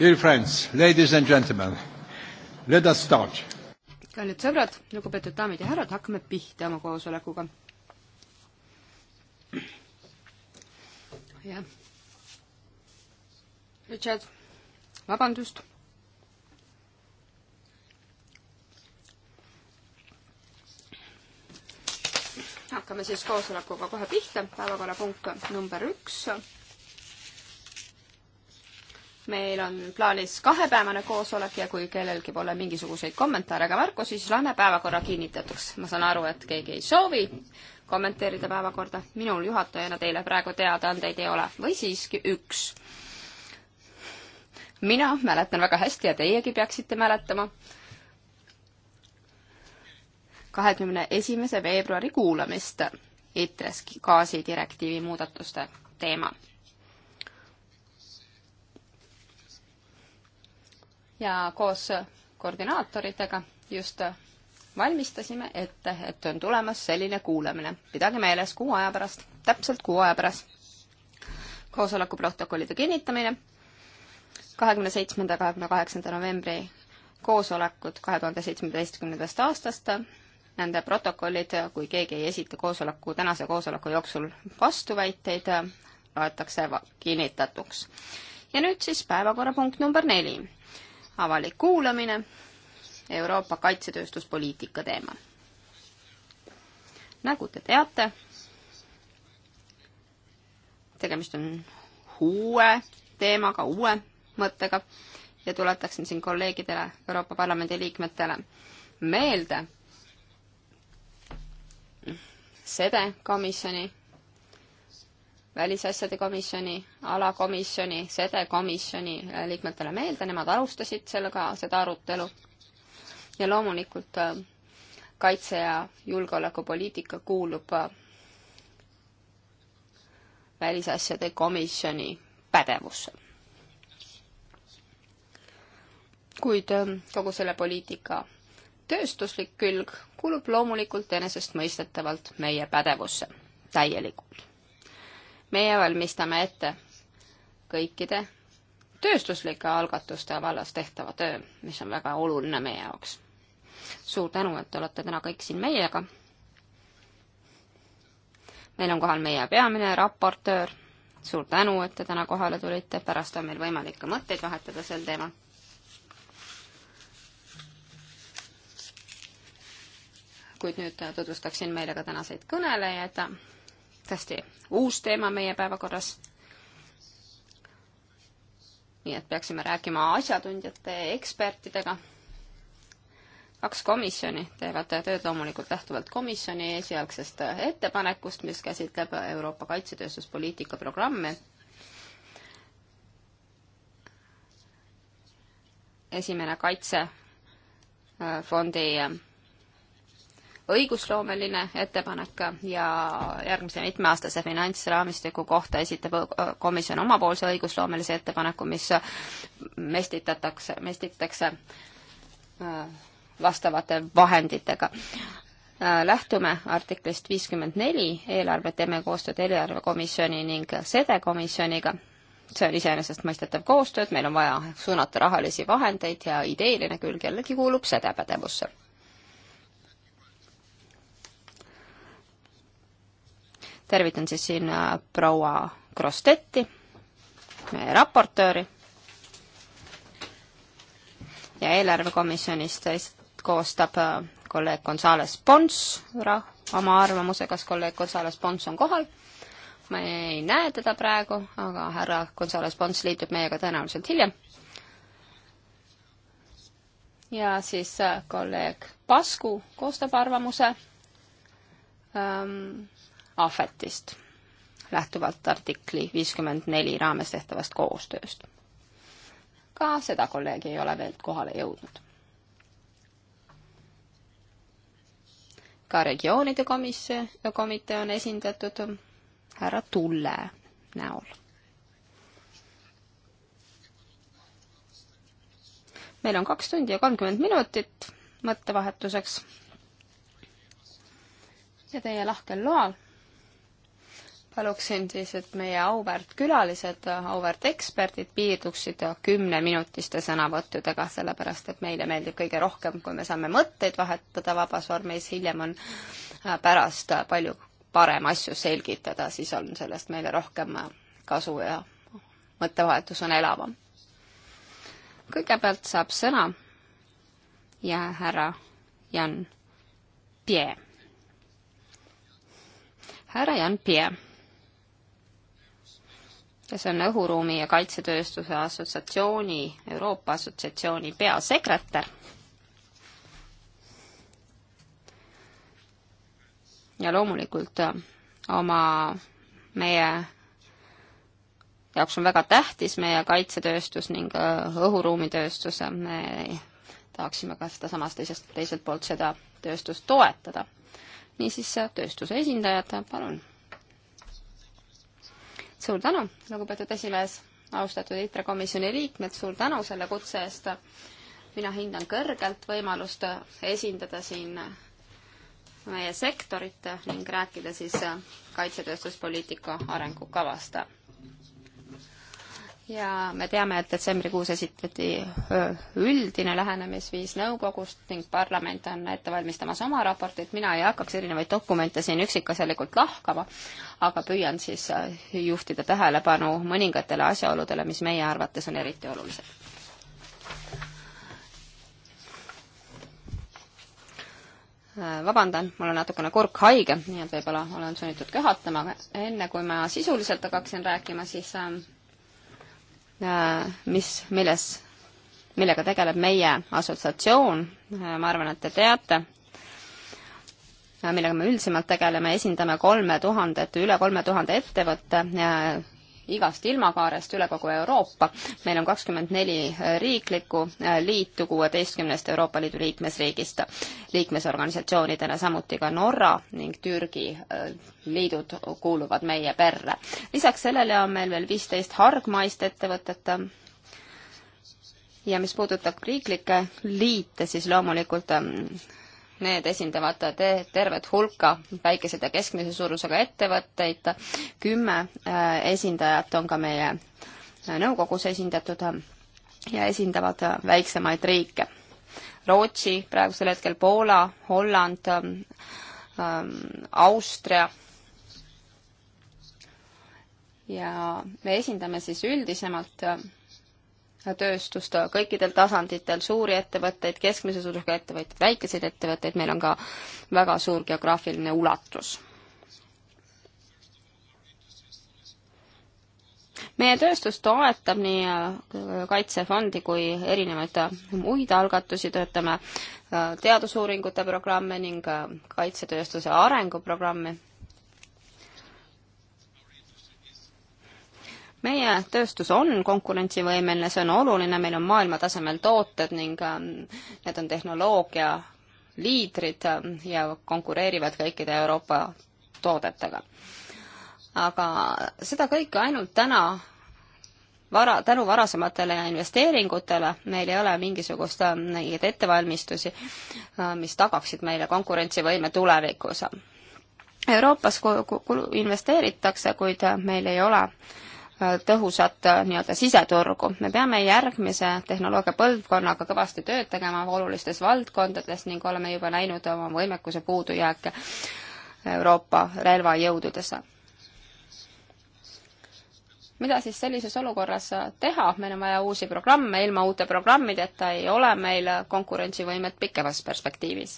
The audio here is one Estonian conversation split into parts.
Dear friends, ladies and gentlemen, let us start. kallid sõbrad, lugupeetud daamid ja härrad, hakkame pihta oma koosolekuga. jah. Richard, vabandust. hakkame siis koosolekuga kohe pihta, päevakorrapunkt number üks meil on plaanis kahepäevane koosolek ja kui kellelgi pole mingisuguseid kommentaare ega märkusi, siis loeme päevakorra kinnitatuks. ma saan aru, et keegi ei soovi kommenteerida päevakorda, minul juhatajana teile praegu teadaandeid ei ole või siiski üks. mina mäletan väga hästi ja teiegi peaksite mäletama kahekümne esimese veebruari kuulamist ITRES gaasidirektiivi muudatuste teemal ja koos koordinaatoritega just valmistasime ette, et on tulemas selline kuulamine. pidage meeles, kuu aja pärast, täpselt kuu aja pärast. koosoleku protokollide kinnitamine, kahekümne seitsmenda, kahekümne kaheksanda novembri koosolekud kahe tuhande seitsmeteistkümnendast aastast, nende protokollid, kui keegi ei esita koosoleku, tänase koosoleku jooksul vastuväiteid, loetakse kinnitatuks. ja nüüd siis päevakorrapunkt number neli avalik kuulamine Euroopa kaitsetööstuspoliitika teemal. nagu te teate, tegemist on uue teemaga, uue mõttega ja tuletaksin siin kolleegidele, Euroopa Parlamendi liikmetele meelde seda komisjoni välisasjade komisjoni, alakomisjoni, sede komisjoni liikmetele meelde, nemad alustasid sellega, seda arutelu. ja loomulikult äh, kaitse- ja julgeolekupoliitika kuulub äh, välisasjade komisjoni pädevusse. kuid äh, kogu selle poliitika tööstuslik külg kuulub loomulikult enesestmõistetavalt meie pädevusse täielikult meie valmistame ette kõikide tööstuslike algatuste vallas tehtava töö, mis on väga oluline meie jaoks. suur tänu, et te olete täna kõik siin meiega. meil on kohal meie peamine raportöör, suur tänu, et te täna kohale tulite, pärast on meil võimalik ka mõtteid vahetada sel teemal. kuid nüüd tutvustaksin meile ka tänaseid kõnelejaid täiesti uus teema meie päevakorras. nii et peaksime rääkima asjatundjate, ekspertidega. kaks komisjoni teevad tööd loomulikult lähtuvalt komisjoni esialgsest ettepanekust, mis käsitleb Euroopa kaitsetööstuspoliitika programmi esimene kaitsefondi õigusloomeline ettepanek ja järgmise mitmeaastase finantsraamistiku kohta esitab komisjon omapoolse õigusloomelise ettepaneku, mis mestitatakse, mestitakse vastavate vahenditega lähtume artiklist viiskümmend neli, eelarve teeme koostööd eelarvekomisjoni ning sede komisjoniga. see on iseenesestmõistetav koostöö, et meil on vaja suunata rahalisi vahendeid ja ideeline külg jällegi kuulub sede pädevusse. tervitan siis siin äh, proua Krostetti, meie raportööri ja eelarvekomisjonist koostab äh, kolleeg Gonzales Pons oma arvamuse, kas kolleeg Gonzales Pons on kohal. ma ei näe teda praegu, aga härra Gonzales Pons liitub meiega tõenäoliselt hiljem. ja siis äh, kolleeg Pasku koostab arvamuse ähm, ahvetist, lähtuvalt artikli viiskümmend neli raames tehtavast koostööst. ka seda kolleegi ei ole veel kohale jõudnud. ka regioonide komisjon, komitee on esindatud härra Tulle näol. meil on kaks tundi ja kolmkümmend minutit mõttevahetuseks ja teie lahkel loal paluksin siis, et meie auväärt külalised, auväärt eksperdid piirduksid kümneminutiste sõnavõttudega, sellepärast et meile meeldib kõige rohkem, kui me saame mõtteid vahetada vabas vormis, hiljem on äh, pärast palju parem asju selgitada, siis on sellest meile rohkem äh, kasu ja mõttevahetus on elavam. kõigepealt saab sõna ja härra Jan Pie. härra Jan Pie kes on Õhuruumi ja Kaitsetööstuse Assotsiatsiooni, Euroopa Assotsiatsiooni peasekretär. ja loomulikult äh, oma, meie jaoks on väga tähtis meie kaitsetööstus ning äh, õhuruumitööstus, me tahaksime ka sedasamast teisest, teiselt poolt seda tööstust toetada. niisiis, äh, tööstuse esindajad, palun suur tänu, lugupeetud esimees, austatud ITRE komisjoni liikmed, suur tänu selle kutse eest. mina hindan kõrgelt võimalust esindada siin meie sektorit ning rääkida siis kaitsetööstuspoliitika arengukavast ja me teame, et detsembrikuus esitleti üldine lähenemisviis nõukogust ning parlament on ette valmistamas oma raportit, mina ei hakkaks erinevaid dokumente siin üksikasjalikult lahkama, aga püüan siis juhtida tähelepanu mõningatele asjaoludele, mis meie arvates on eriti olulised. vabandan, mul on natukene kurk haige, nii et võib-olla olen sunnitud köhatama, aga enne kui ma sisuliselt hakkaksin rääkima, siis ähm, Äh, mis, milles, millega tegeleb meie assotsiatsioon, äh, ma arvan, et te teate, äh, millega me üldisemalt tegeleme, esindame kolme tuhandet, üle kolme tuhande ettevõtte igast ilmakaarest üle kogu Euroopa. meil on kakskümmend neli äh, riiklikku äh, liitu kuueteistkümnest Euroopa Liidu liikmesriigist, liikmesorganisatsioonidena, samuti ka Norra ning Türgi äh, liidud kuuluvad meie perre. lisaks sellele on meil veel viisteist hargmaist ettevõtet, ja mis puudutab riiklikke liite, siis loomulikult ähm, Need esindavad te tervet hulka väikeseid ja keskmise suurusega ettevõtteid. kümme äh, esindajat on ka meie äh, nõukogus esindatud äh, ja esindavad väiksemaid riike. Rootsi, praegusel hetkel Poola, Holland, Austria ja me esindame siis üldisemalt tööstust kõikidel tasanditel, suuri ettevõtteid, keskmise suurusega ettevõtteid, väikeseid ettevõtteid, meil on ka väga suur geograafiline ulatus. meie tööstus toetab nii äh, Kaitsefondi kui erinevaid äh, muid algatusi, töötame äh, teadusuuringute programme ning kaitsetööstuse arenguprogramme meie tööstus on konkurentsivõimeline, see on oluline, meil on maailmatasemel tooted ning ähm, need on tehnoloogia liidrid ähm, ja konkureerivad kõikide Euroopa toodetega. aga seda kõike ainult täna vara, tänu varasematele investeeringutele, meil ei ole mingisugust ähm, neid ettevalmistusi, äh, mis tagaksid meile konkurentsivõime tulevikus. Euroopas investeeritakse, kuid äh, meil ei ole äh, tõhusat äh, nii-öelda siseturgu. me peame järgmise tehnoloogia põlvkonnaga kõvasti tööd tegema olulistes valdkondades ning oleme juba näinud oma võimekuse puudujääke Euroopa relvajõududes. mida siis sellises olukorras äh, teha, meil on vaja uusi programme, ilma uute programmideta ei ole meil konkurentsivõimet pikemas perspektiivis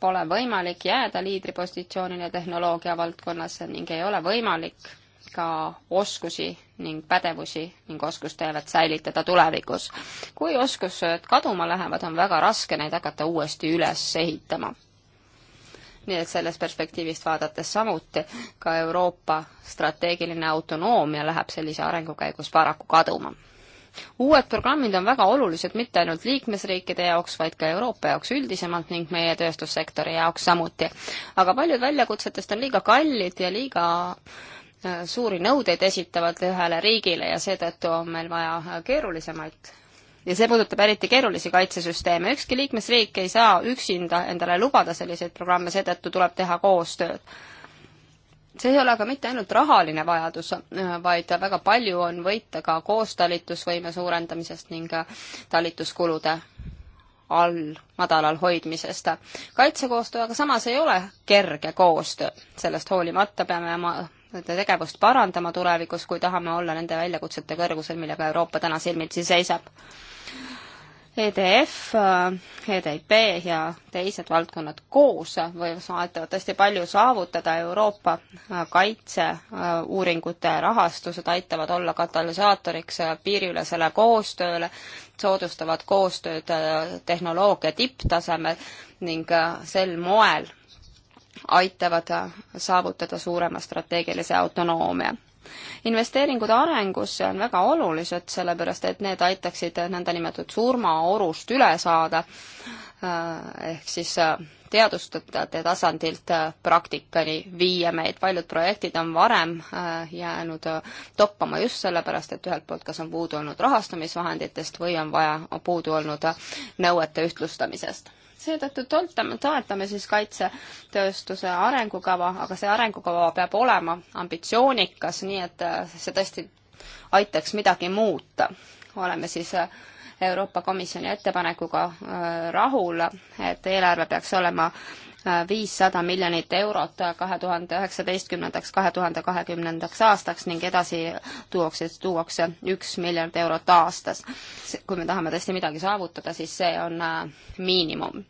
pole võimalik jääda liidripositsioonile tehnoloogia valdkonnas ning ei ole võimalik ka oskusi ning pädevusi ning oskusteevet säilitada tulevikus. kui oskused kaduma lähevad, on väga raske neid hakata uuesti üles ehitama. nii et sellest perspektiivist vaadates samuti ka Euroopa strateegiline autonoomia läheb sellise arengu käigus paraku kaduma uued programmid on väga olulised mitte ainult liikmesriikide jaoks, vaid ka Euroopa jaoks üldisemalt ning meie tööstussektori jaoks samuti. aga paljud väljakutsetest on liiga kallid ja liiga äh, suuri nõudeid esitavad ühele riigile ja seetõttu on meil vaja keerulisemaid ja see puudutab eriti keerulisi kaitsesüsteeme. ükski liikmesriik ei saa üksinda endale lubada selliseid programme, seetõttu tuleb teha koostööd. see ei ole aga mitte ainult rahaline vajadus, vaid väga palju on võita ka koostalitusvõime suurendamisest ning talituskulude all, madalal hoidmisest. kaitsekoostöö aga samas ei ole kerge koostöö, sellest hoolimata peame oma tegevust parandama tulevikus, kui tahame olla nende väljakutsete kõrgusel, millega Euroopa täna silmitsi seisab. EDF, EDIP ja teised valdkonnad koos võivad loodetavasti palju saavutada, Euroopa äh, kaitseuuringute äh, rahastused aitavad olla katalüsaatoriks äh, piiriülesele koostööle, soodustavad koostööd tehnoloogia tipptasemel ning sel moel aitavad saavutada suurema strateegilise autonoomia investeeringud arengusse on väga olulised, sellepärast et need aitaksid nõndanimetatud surmaorust üle saada, äh, ehk siis äh, teadustajate tasandilt äh, praktikani viia meid, paljud projektid on varem jäänud toppama just sellepärast, et ühelt poolt kas on puudu olnud rahastamisvahenditest või on vaja, puudu olnud nõuete ühtlustamisest seetõttu toetame, toetame siis kaitsetööstuse arengukava, aga see arengukava peab olema ambitsioonikas, nii et äh, see tõesti aitaks midagi muuta. oleme siis äh, Euroopa Komisjoni ettepanekuga äh, rahul, et eelarve peaks olema viissada miljonit eurot kahe tuhande üheksateistkümnendaks, kahe tuhande kahekümnendaks aastaks ning edasi tuuakse, tuuakse üks miljard eurot aastas. kui me tahame tõesti midagi saavutada, siis see on äh, miinimum.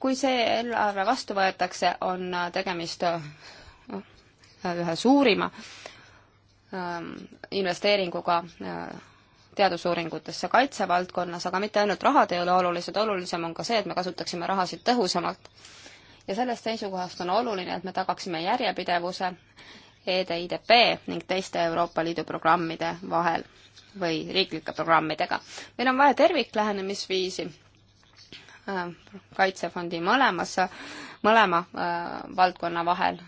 kui see eelarve vastu võetakse, on äh, tegemist äh, ühe suurima ähm, investeeringuga teadusuuringutesse kaitsevaldkonnas, aga mitte ainult rahad ei ole olulised, olulisem on ka see, et me kasutaksime rahasid tõhusamalt ja sellest seisukohast on oluline, et me tagaksime järjepidevuse EDIDP ning teiste Euroopa Liidu programmide vahel või riiklike programmidega. meil on vaja terviklähenemisviisi äh, kaitsefondi mõlemas, mõlema äh, valdkonna vahel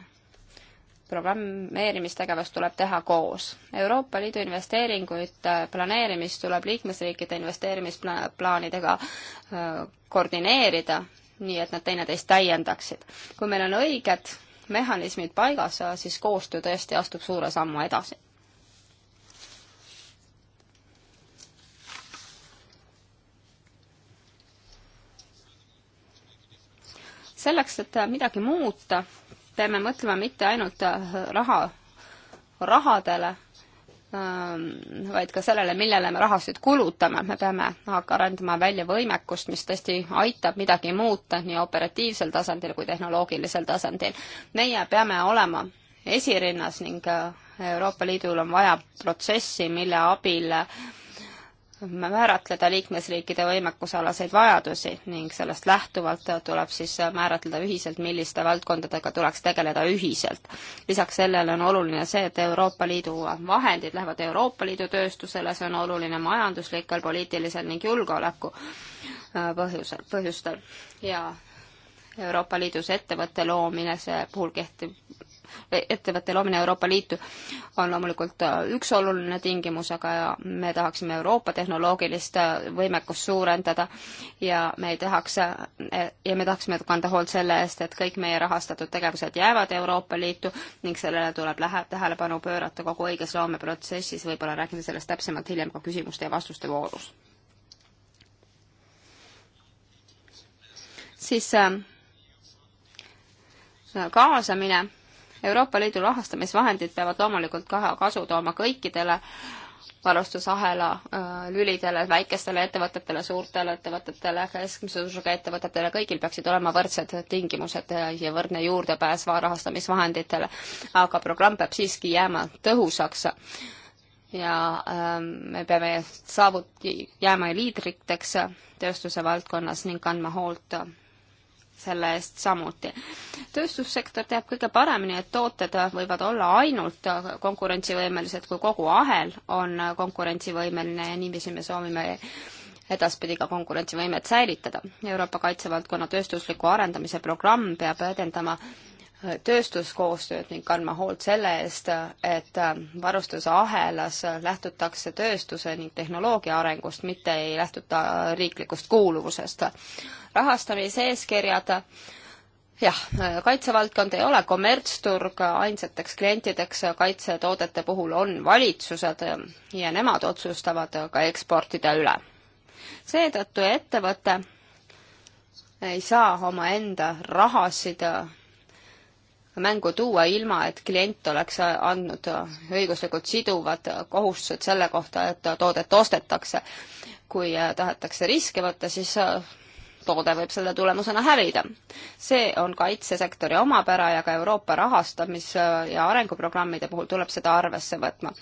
programmeerimistegevus tuleb teha koos. Euroopa Liidu investeeringuid äh, planeerimist tuleb liikmesriikide investeerimisplaanidega koordineerida nii et nad teineteist täiendaksid. kui meil on õiged mehhanismid paigas, siis koostöö tõesti astub suure sammu edasi. selleks, et midagi muuta, peame mõtlema mitte ainult raha, rahadele Ähm, vaid ka sellele, millele me rahasid kulutame, me peame arendama välja võimekust, mis tõesti aitab midagi muuta nii operatiivsel tasandil kui tehnoloogilisel tasandil. meie peame olema esirinnas ning äh, Euroopa Liidul on vaja protsessi, mille abil äh, määratleda liikmesriikide võimekusalaseid vajadusi ning sellest lähtuvalt tuleb siis määratleda ühiselt, milliste valdkondadega tuleks tegeleda ühiselt. lisaks sellele on oluline see, et Euroopa Liidu vahendid lähevad Euroopa Liidu tööstusele, see on oluline majanduslikel, poliitilisel ning julgeoleku äh, põhjusel, põhjustel ja Euroopa Liidus ettevõtte loomise puhul kehtib ettevõtte loomine Euroopa Liitu on loomulikult äh, üks oluline tingimus, aga me tahaksime Euroopa tehnoloogilist äh, võimekust suurendada ja me ei tahaks, äh, ja me tahaksime kanda hoolt selle eest, et kõik meie rahastatud tegevused jäävad Euroopa Liitu ning sellele tuleb lähe-, tähelepanu pöörata kogu õiges loomeprotsessis, võib-olla räägime sellest täpsemalt hiljem ka küsimuste ja vastuste voorus. siis kaasamine Euroopa Liidu rahastamisvahendid peavad loomulikult ka kasu tooma kõikidele varustusahela äh, lülidele, väikestele ettevõtetele, suurtele ettevõtetele, keskmise suurusega ettevõtetele, kõigil peaksid olema võrdsed tingimused ja võrdne juurdepääs rahastamisvahenditele. aga programm peab siiski jääma tõhusaks ja ähm, me peame saavut-, jääma liidriteks tööstuse valdkonnas ning kandma hoolt selle eest samuti. tööstussektor teab kõige paremini, et tooted võivad olla ainult konkurentsivõimelised, kui kogu ahel on konkurentsivõimeline ja niiviisi me soovime edaspidi ka konkurentsivõimet säilitada. Euroopa kaitsevaldkonna tööstusliku arendamise programm peab edendama tööstuskoostööd ning kandma hoolt selle eest, et varustuse ahelas lähtutakse tööstuse ning tehnoloogia arengust, mitte ei lähtuta riiklikust kuuluvusest rahastamiseeskirjad, jah, kaitsevaldkond ei ole kommertsturg, ainsateks klientideks kaitsetoodete puhul on valitsused ja nemad otsustavad ka eksportida üle. seetõttu ettevõte ei saa omaenda rahasid mängu tuua, ilma et klient oleks andnud õiguslikult siduvad kohustused selle kohta, et toodet ostetakse. kui tahetakse riske võtta, siis toode võib selle tulemusena hävida. see on kaitsesektori omapära ja ka Euroopa rahastamis- ja arenguprogrammide puhul tuleb seda arvesse võtma,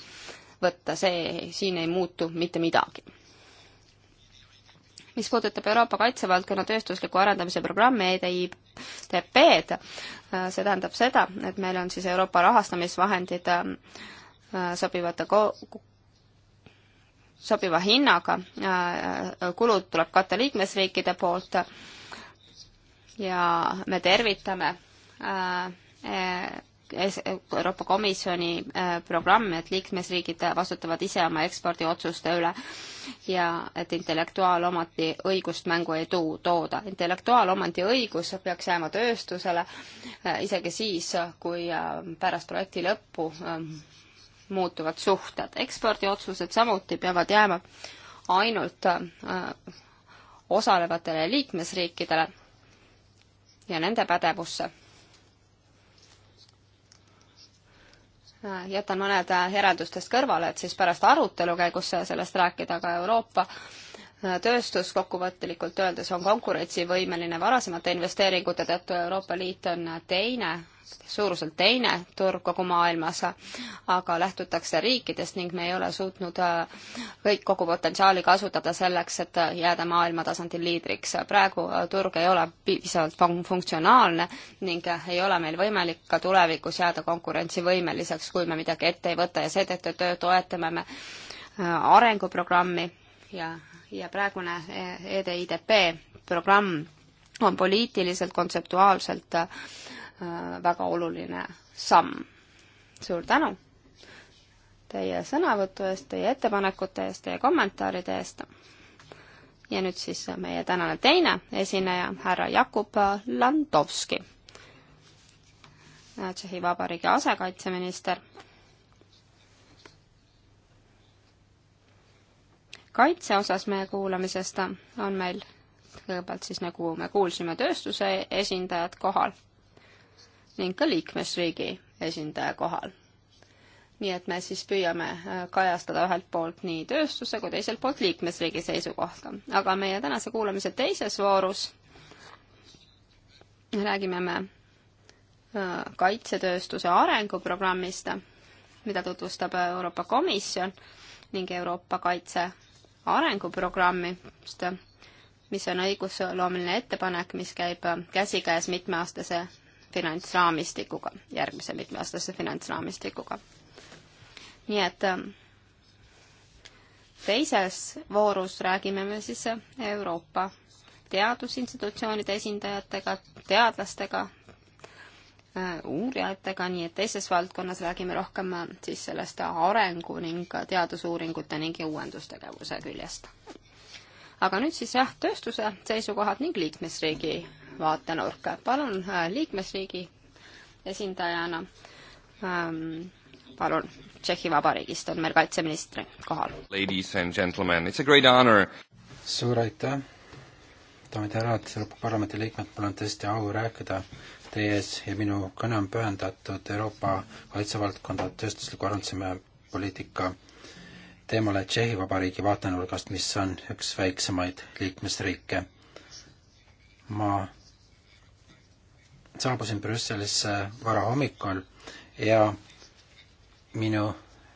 võtta, see, siin ei muutu mitte midagi. mis puudutab Euroopa kaitsevaldkonna tööstusliku arendamise programmi EDITP-d, see tähendab seda, et meil on siis Euroopa rahastamisvahendid äh, sobivate ko-, sobiva hinnaga, kulud tuleb katta liikmesriikide poolt ja me tervitame äh, äh, Euroopa Komisjoni äh, programmi, et liikmesriigid vastutavad ise oma ekspordiotsuste üle ja et intellektuaalomandi õigust mängu ei tuu, tooda. intellektuaalomandi õigus peaks jääma tööstusele isegi siis, kui pärast projekti lõppu ähm, muutuvad suhted. ekspordiotsused samuti peavad jääma ainult äh, osalevatele liikmesriikidele ja nende pädevusse. Äh, jätan mõned äh, järeldustest kõrvale, et siis pärast arutelu käigus sellest rääkida, aga Euroopa äh, tööstus kokkuvõttelikult öeldes on konkurentsivõimeline varasemate investeeringute tõttu, Euroopa Liit on teine, suuruselt teine turg kogu maailmas, aga lähtutakse riikidest ning me ei ole suutnud äh, kõik kogu potentsiaali kasutada selleks, et jääda maailma tasandil liidriks. praegu äh, turg ei ole piisavalt funktsionaalne ning äh, ei ole meil võimalik ka tulevikus jääda konkurentsivõimeliseks, kui me midagi ette ei võta ja seetõttu toetame me arenguprogrammi ja ja praegune EDIDP programm on poliitiliselt, kontseptuaalselt äh, väga oluline samm. suur tänu teie sõnavõtu eest, teie ettepanekute eest, teie kommentaaride eest. ja nüüd siis meie tänane teine esineja, härra Jakub Landovski, Tšehhi Vabariigi asekaitseminister kaitse osas meie kuulamisest on meil kõigepealt siis, nagu me kuulsime, tööstuse esindajad kohal ning ka liikmesriigi esindaja kohal. nii et me siis püüame äh, kajastada ühelt poolt nii tööstuse kui teiselt poolt liikmesriigi seisukohta. aga meie tänase kuulamise teises voorus räägime me äh, kaitsetööstuse arenguprogrammist, mida tutvustab äh, Euroopa Komisjon ning Euroopa Kaitse arenguprogrammist, mis on õigusloomeline ettepanek, mis käib käsikäes mitmeaastase finantsraamistikuga, järgmise mitmeaastase finantsraamistikuga. nii et ähm, teises voorus räägime me siis Euroopa teadusinstitutsioonide esindajatega, teadlastega, Äh, uurijatega, nii et teises valdkonnas räägime rohkem äh, siis sellest arengu ning teadusuuringute ning uuendustegevuse küljest. aga nüüd siis jah, tööstuse seisukohad ning liikmesriigi vaatenurk. palun äh, liikmesriigi esindajana ähm, palun, Tšehhi Vabariigist on meil kaitseministri kohal. Ladies and gentlemen, it's a great honor. suur aitäh, daamid ja härrad, Euroopa Parlamendi liikmed, mul on tõesti au rääkida äh, teie ees ja minu kõne on pühendatud Euroopa kaitsevaldkonda tööstusliku arenduse poliitika teemale Tšehhi Vabariigi vaatenurgast, mis on üks väiksemaid liikmesriike. ma saabusin Brüsselisse varahommikul ja minu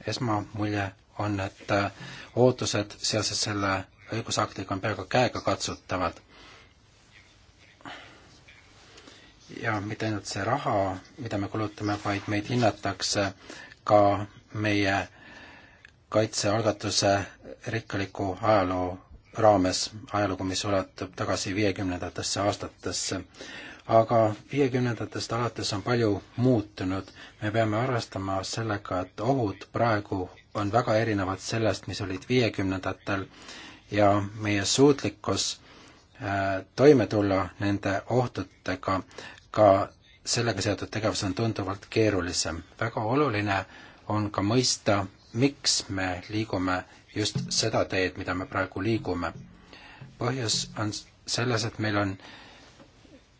esmamulje on, et ootused seoses selle õigusaktiga on peaaegu käegakatsutavad ja mitte ainult see raha, mida me kulutame, vaid meid hinnatakse ka meie kaitsealgatuse rikkaliku ajaloo raames, ajalugu, mis ulatub tagasi viiekümnendatesse aastatesse. aga viiekümnendatest alates on palju muutunud. me peame arvestama sellega, et ohud praegu on väga erinevad sellest, mis olid viiekümnendatel ja meie suutlikkus äh, toime tulla nende ohtudega ka sellega seotud tegevus on tunduvalt keerulisem. väga oluline on ka mõista, miks me liigume just seda teed, mida me praegu liigume. põhjus on selles, et meil on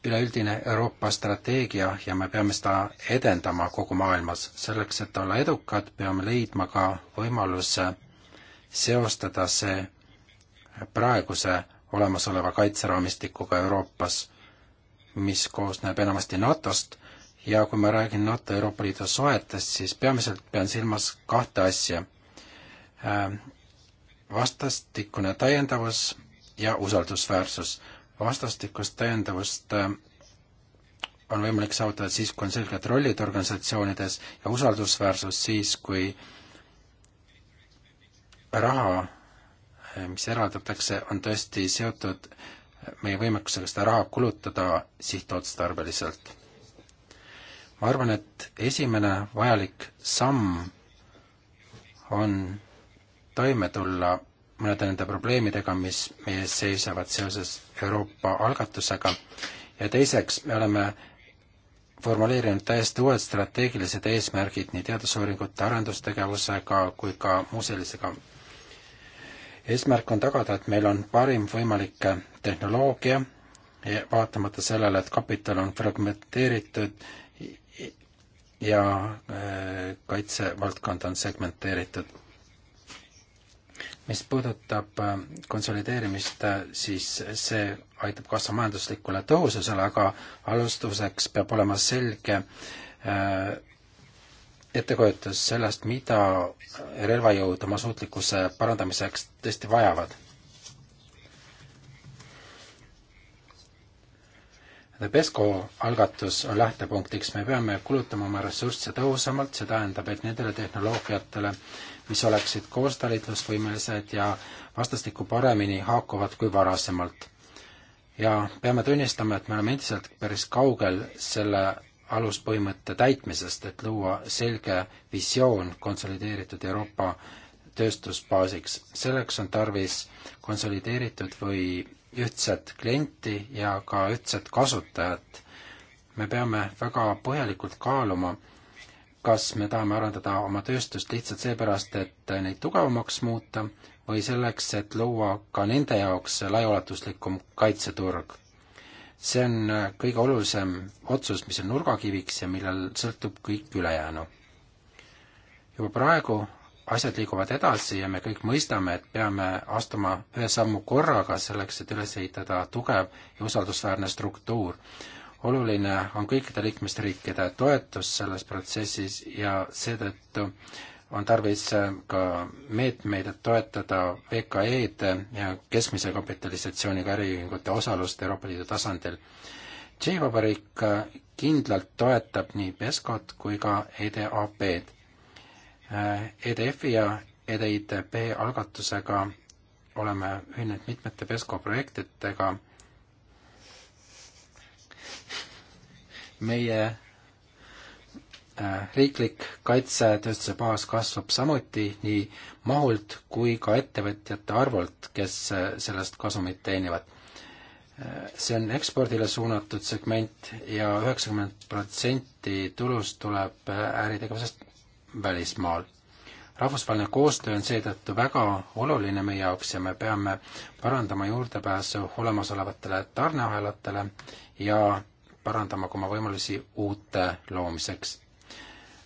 üleüldine Euroopa strateegia ja me peame seda edendama kogu maailmas. selleks, et olla edukad, peame leidma ka võimaluse seostada see praeguse olemasoleva kaitseraamistikuga Euroopas mis koosneb enamasti NATO-st ja kui ma räägin NATO Euroopa Liidu suhetest, siis peamiselt pean silmas kahte asja. Ähm, vastastikune täiendavus ja usaldusväärsus. vastastikust täiendavust ähm, on võimalik saavutada siis, kui on selged rollid organisatsioonides ja usaldusväärsus siis, kui raha, äh, mis eraldatakse, on tõesti seotud meie võimekusega seda raha kulutada sihtotstarbeliselt. ma arvan, et esimene vajalik samm on toime tulla mõnede nende probleemidega, mis meie ees seisavad seoses Euroopa algatusega ja teiseks, me oleme formuleerinud täiesti uued strateegilised eesmärgid nii teadusuuringute arendustegevusega kui ka muu sellisega. eesmärk on tagada, et meil on parim võimalik tehnoloogia, vaatamata sellele, et kapital on fragmenteeritud ja äh, kaitsevaldkond on segmenteeritud. mis puudutab äh, konsolideerimist, äh, siis see aitab kaasa majanduslikule tõhususele, aga alustuseks peab olema selge ettekujutus sellest, mida relvajõud oma suutlikkuse parandamiseks tõesti vajavad PESCO algatus on lähtepunktiks, me peame kulutama oma ressursse tõhusamalt, see tähendab, et nendele tehnoloogiatele, mis oleksid koostalitlusvõimelised ja vastastikku paremini haakuvad kui varasemalt. ja peame tunnistama, et me oleme endiselt päris kaugel selle aluspõhimõtte täitmisest, et luua selge visioon konsolideeritud Euroopa tööstusbaasiks. selleks on tarvis konsolideeritud või ühtset klienti ja ka ühtset kasutajat. me peame väga põhjalikult kaaluma, kas me tahame arendada oma tööstust lihtsalt seepärast, et neid tugevamaks muuta või selleks, et luua ka nende jaoks laiaulatuslikum kaitseturg. see on kõige olulisem otsus, mis on nurgakiviks ja millel sõltub kõik ülejäänu. juba praegu asjad liiguvad edasi ja me kõik mõistame, et peame astuma ühe sammu korraga selleks, et üles ehitada tugev ja usaldusväärne struktuur. oluline on kõikide liikmesriikide toetus selles protsessis ja seetõttu on tarvis ka meetmeid, et toetada VKE-de ja keskmise kapitalisatsiooniga äriühingute osalust Euroopa Liidu tasandil. Tšehhi Vabariik kindlalt toetab nii PESCO-t kui ka EDAP-d Äh, EDF-i ja EDITB algatusega oleme ühinenud mitmete PESCO projektidega. meie äh, riiklik kaitsetööstuse baas kasvab samuti nii mahult kui ka ettevõtjate arvult, kes äh, sellest kasumit teenivad. see on ekspordile suunatud segment ja üheksakümmend protsenti tulust tuleb äritegevusest välismaal. rahvusvaheline koostöö on seetõttu väga oluline meie jaoks ja me peame parandama juurdepääsu olemasolevatele tarneahelatele ja parandama ka oma võimalusi uute loomiseks.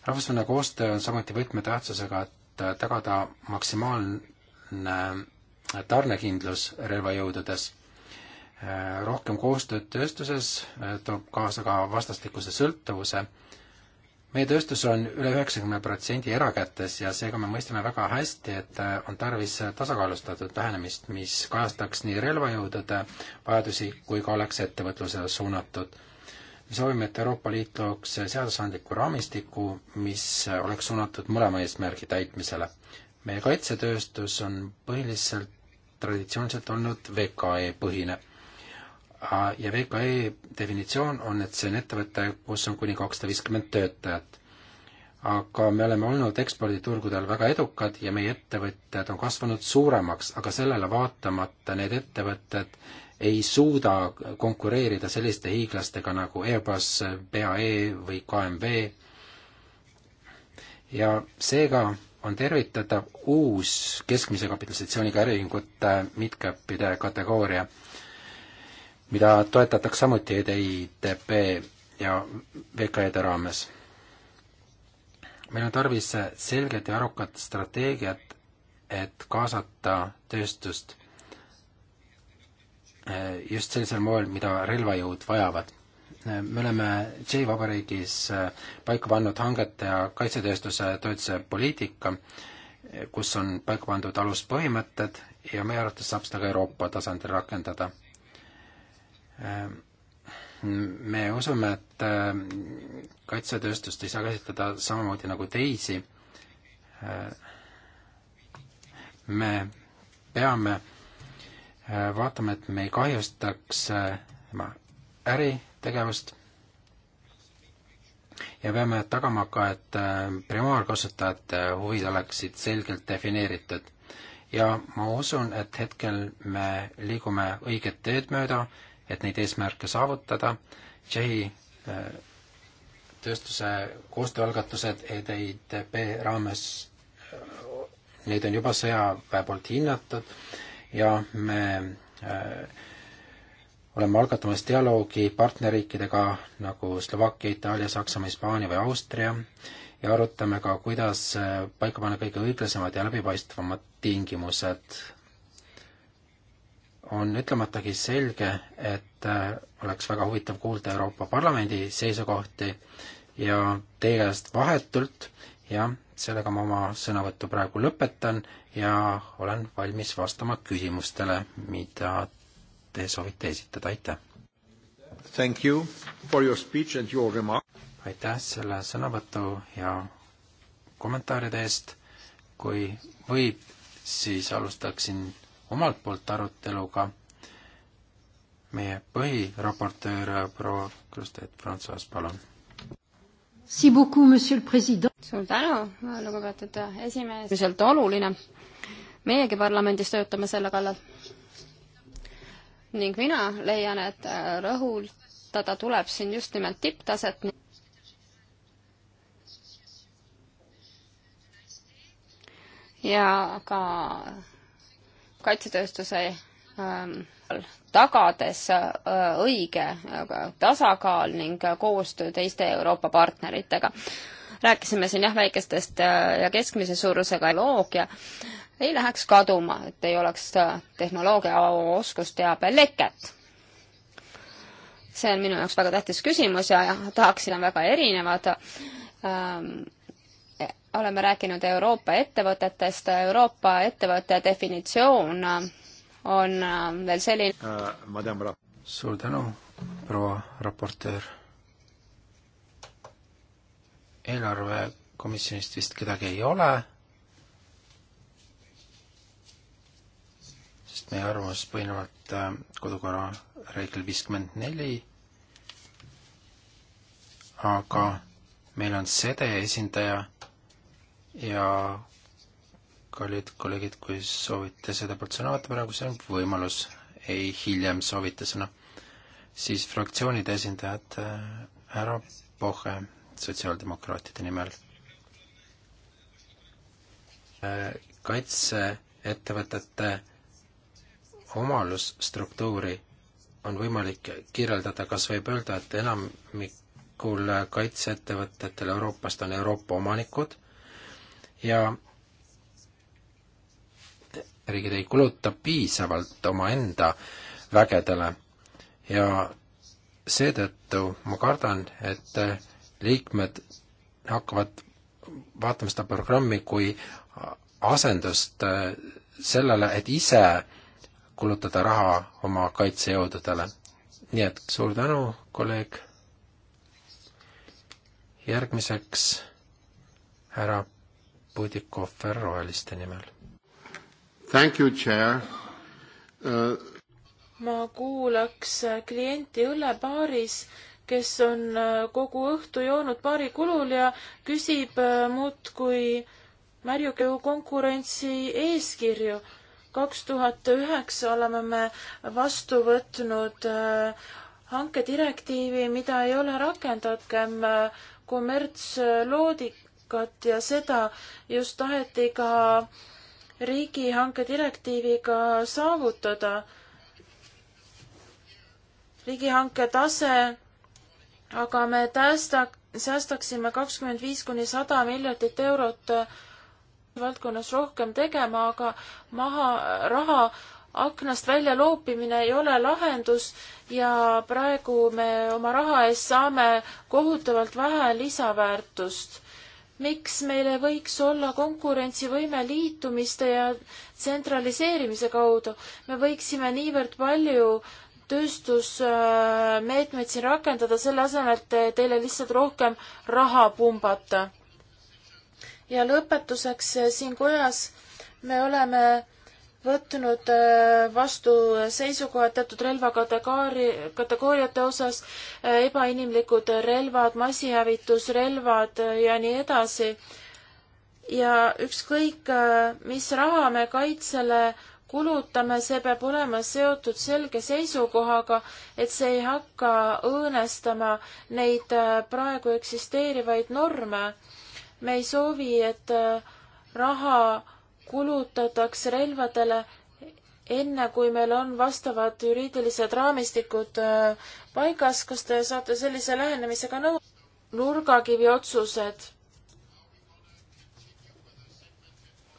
rahvusvaheline koostöö on samuti võtmetähtsusega, et tagada maksimaalne tarnekindlus relvajõududes rohkem koostööd tööstuses toob kaasa ka vastastikuse sõltuvuse meie tööstus on üle üheksakümne protsendi erakätes ja seega me mõistame väga hästi, et äh, on tarvis tasakaalustatud lähenemist, mis kajastaks nii relvajõudude vajadusi kui ka oleks ettevõtlusele suunatud. me soovime, et Euroopa Liit looks seadusandliku raamistiku, mis oleks suunatud mõlema eesmärgi täitmisele. meie kaitsetööstus on põhiliselt traditsiooniliselt olnud VKE põhine ja VKE definitsioon on, et see on ettevõte, kus on kuni kakssada viiskümmend töötajat. aga me oleme olnud eksporditurgudel väga edukad ja meie ettevõtted on kasvanud suuremaks, aga sellele vaatamata need ettevõtted ei suuda konkureerida selliste hiiglastega nagu Airbus, BAE või KMV. ja seega on tervitatav uus keskmise kapitalisatsiooniga äriühingute mid-cap'ide kategooria mida toetatakse samuti EDITP ja VKE-de raames. meil on tarvis selget ja arukat strateegiat, et kaasata tööstust eh, just sellisel moel, mida relvajõud vajavad. Eh, me oleme Tšehhi Vabariigis eh, paika pannud hangete ja kaitsetööstuse toetuse poliitika, kus on paika pandud aluspõhimõtted ja meie arvates saab seda ka Euroopa tasandil rakendada Äh, me usume, et äh, kaitsetööstust ei saa käsitleda samamoodi nagu teisi. Äh, me peame vaatama, et me ei kahjustaks tema äritegevust ja peame tagama ka, et primaarkasutajate huvid oleksid selgelt defineeritud. ja ma usun, et hetkel me liigume õiget teed mööda et neid eesmärke saavutada. Tšehhi äh, tööstuse koostööalgatused EDITB raames, äh, neid on juba sõjaväe poolt hinnatud ja me äh, oleme algatamas dialoogi partnerriikidega nagu Slovakkia, Itaalia, Saksamaa, Hispaania või Austria ja arutame ka, kuidas paika panna kõige õiglasemad ja läbipaistvamad tingimused on ütlematagi selge, et äh, oleks väga huvitav kuulda Euroopa Parlamendi seisukohti ja teie käest vahetult ja sellega ma oma sõnavõttu praegu lõpetan ja olen valmis vastama küsimustele, mida te soovite esitada, aitäh! Thank you for your speech and your remark. aitäh selle sõnavõtu ja kommentaaride eest, kui võib, siis alustaksin omalt poolt aruteluga. meie põhiraportöör proua Krustet Prantsusmaast, palun. suur tänu, lugupeetud esimees, ilmselt oluline. meiegi parlamendis töötame selle kallal. ning mina leian, et rõhutada tuleb siin just nimelt tipptaset ja ka kaitsetööstuse ähm, tagades äh, õige tasakaal ning koostöö teiste Euroopa partneritega. rääkisime siin jah, väikestest äh, ja keskmise suurusega tehnoloogia ei läheks kaduma, et ei oleks äh, tehnoloogia oskusteabe leket. see on minu jaoks väga tähtis küsimus ja, ja tahaksin, on väga erinevad ähm, oleme rääkinud Euroopa ettevõtetest, Euroopa ettevõtte definitsioon on veel selline äh,. Madame Ra-. suur tänu, proua raportöör. eelarvekomisjonist vist kedagi ei ole, sest meie arvamus põhinevalt äh, kodukorra reegel viiskümmend neli, aga meil on sede esindaja ja kallid kolleegid, kui soovite seda poolt sõna võtta praegu, see on võimalus, ei hiljem soovite sõna, siis fraktsioonide esindajad äh, härra Pohe sotsiaaldemokraatide nimel. Äh, kaitseettevõtete omalusstruktuuri on võimalik kirjeldada, kas võib öelda, et enamikul kaitseettevõtetel Euroopast on Euroopa omanikud ja riigid ei kuluta piisavalt omaenda vägedele ja seetõttu ma kardan, et liikmed hakkavad vaatama seda programmi kui asendust sellele, et ise kulutada raha oma kaitsejõududele. nii et suur tänu, kolleeg. järgmiseks härra Pudikohver Roheliste nimel. Thank you, chair uh.... ma kuulaks klienti õllepaaris, kes on uh, kogu õhtu joonud baari kulul ja küsib uh, muudkui märjuke konkurentsi eeskirju. kaks tuhat üheksa oleme me vastu võtnud uh, hankedirektiivi, mida ei ole rakendatud kommertsloodi-, edukat ja seda just taheti ka riigihanke direktiiviga saavutada. riigihanke tase, aga me tästa-, säästaksime kakskümmend viis kuni sada miljardit eurot valdkonnas rohkem tegema, aga maha, raha aknast välja loopimine ei ole lahendus ja praegu me oma raha eest saame kohutavalt vähe lisaväärtust miks meil ei võiks olla konkurentsivõime liitumiste ja tsentraliseerimise kaudu. me võiksime niivõrd palju tööstusmeetmeid siin rakendada, selle asemel, et teile lihtsalt rohkem raha pumbata. ja lõpetuseks eh, siin kojas me oleme võtnud äh, vastu seisukohad teatud relvakategoori-, kategooriate osas, äh, ebainimlikud relvad, massihävitusrelvad äh, ja nii edasi. ja ükskõik, mis raha me kaitsele kulutame, see peab olema seotud selge seisukohaga, et see ei hakka õõnestama neid praegu eksisteerivaid norme. me ei soovi, et raha kulutatakse relvadele enne, kui meil on vastavad juriidilised raamistikud äh, paigas, kas te saate sellise lähenemisega nõu-? nurgakivi otsused.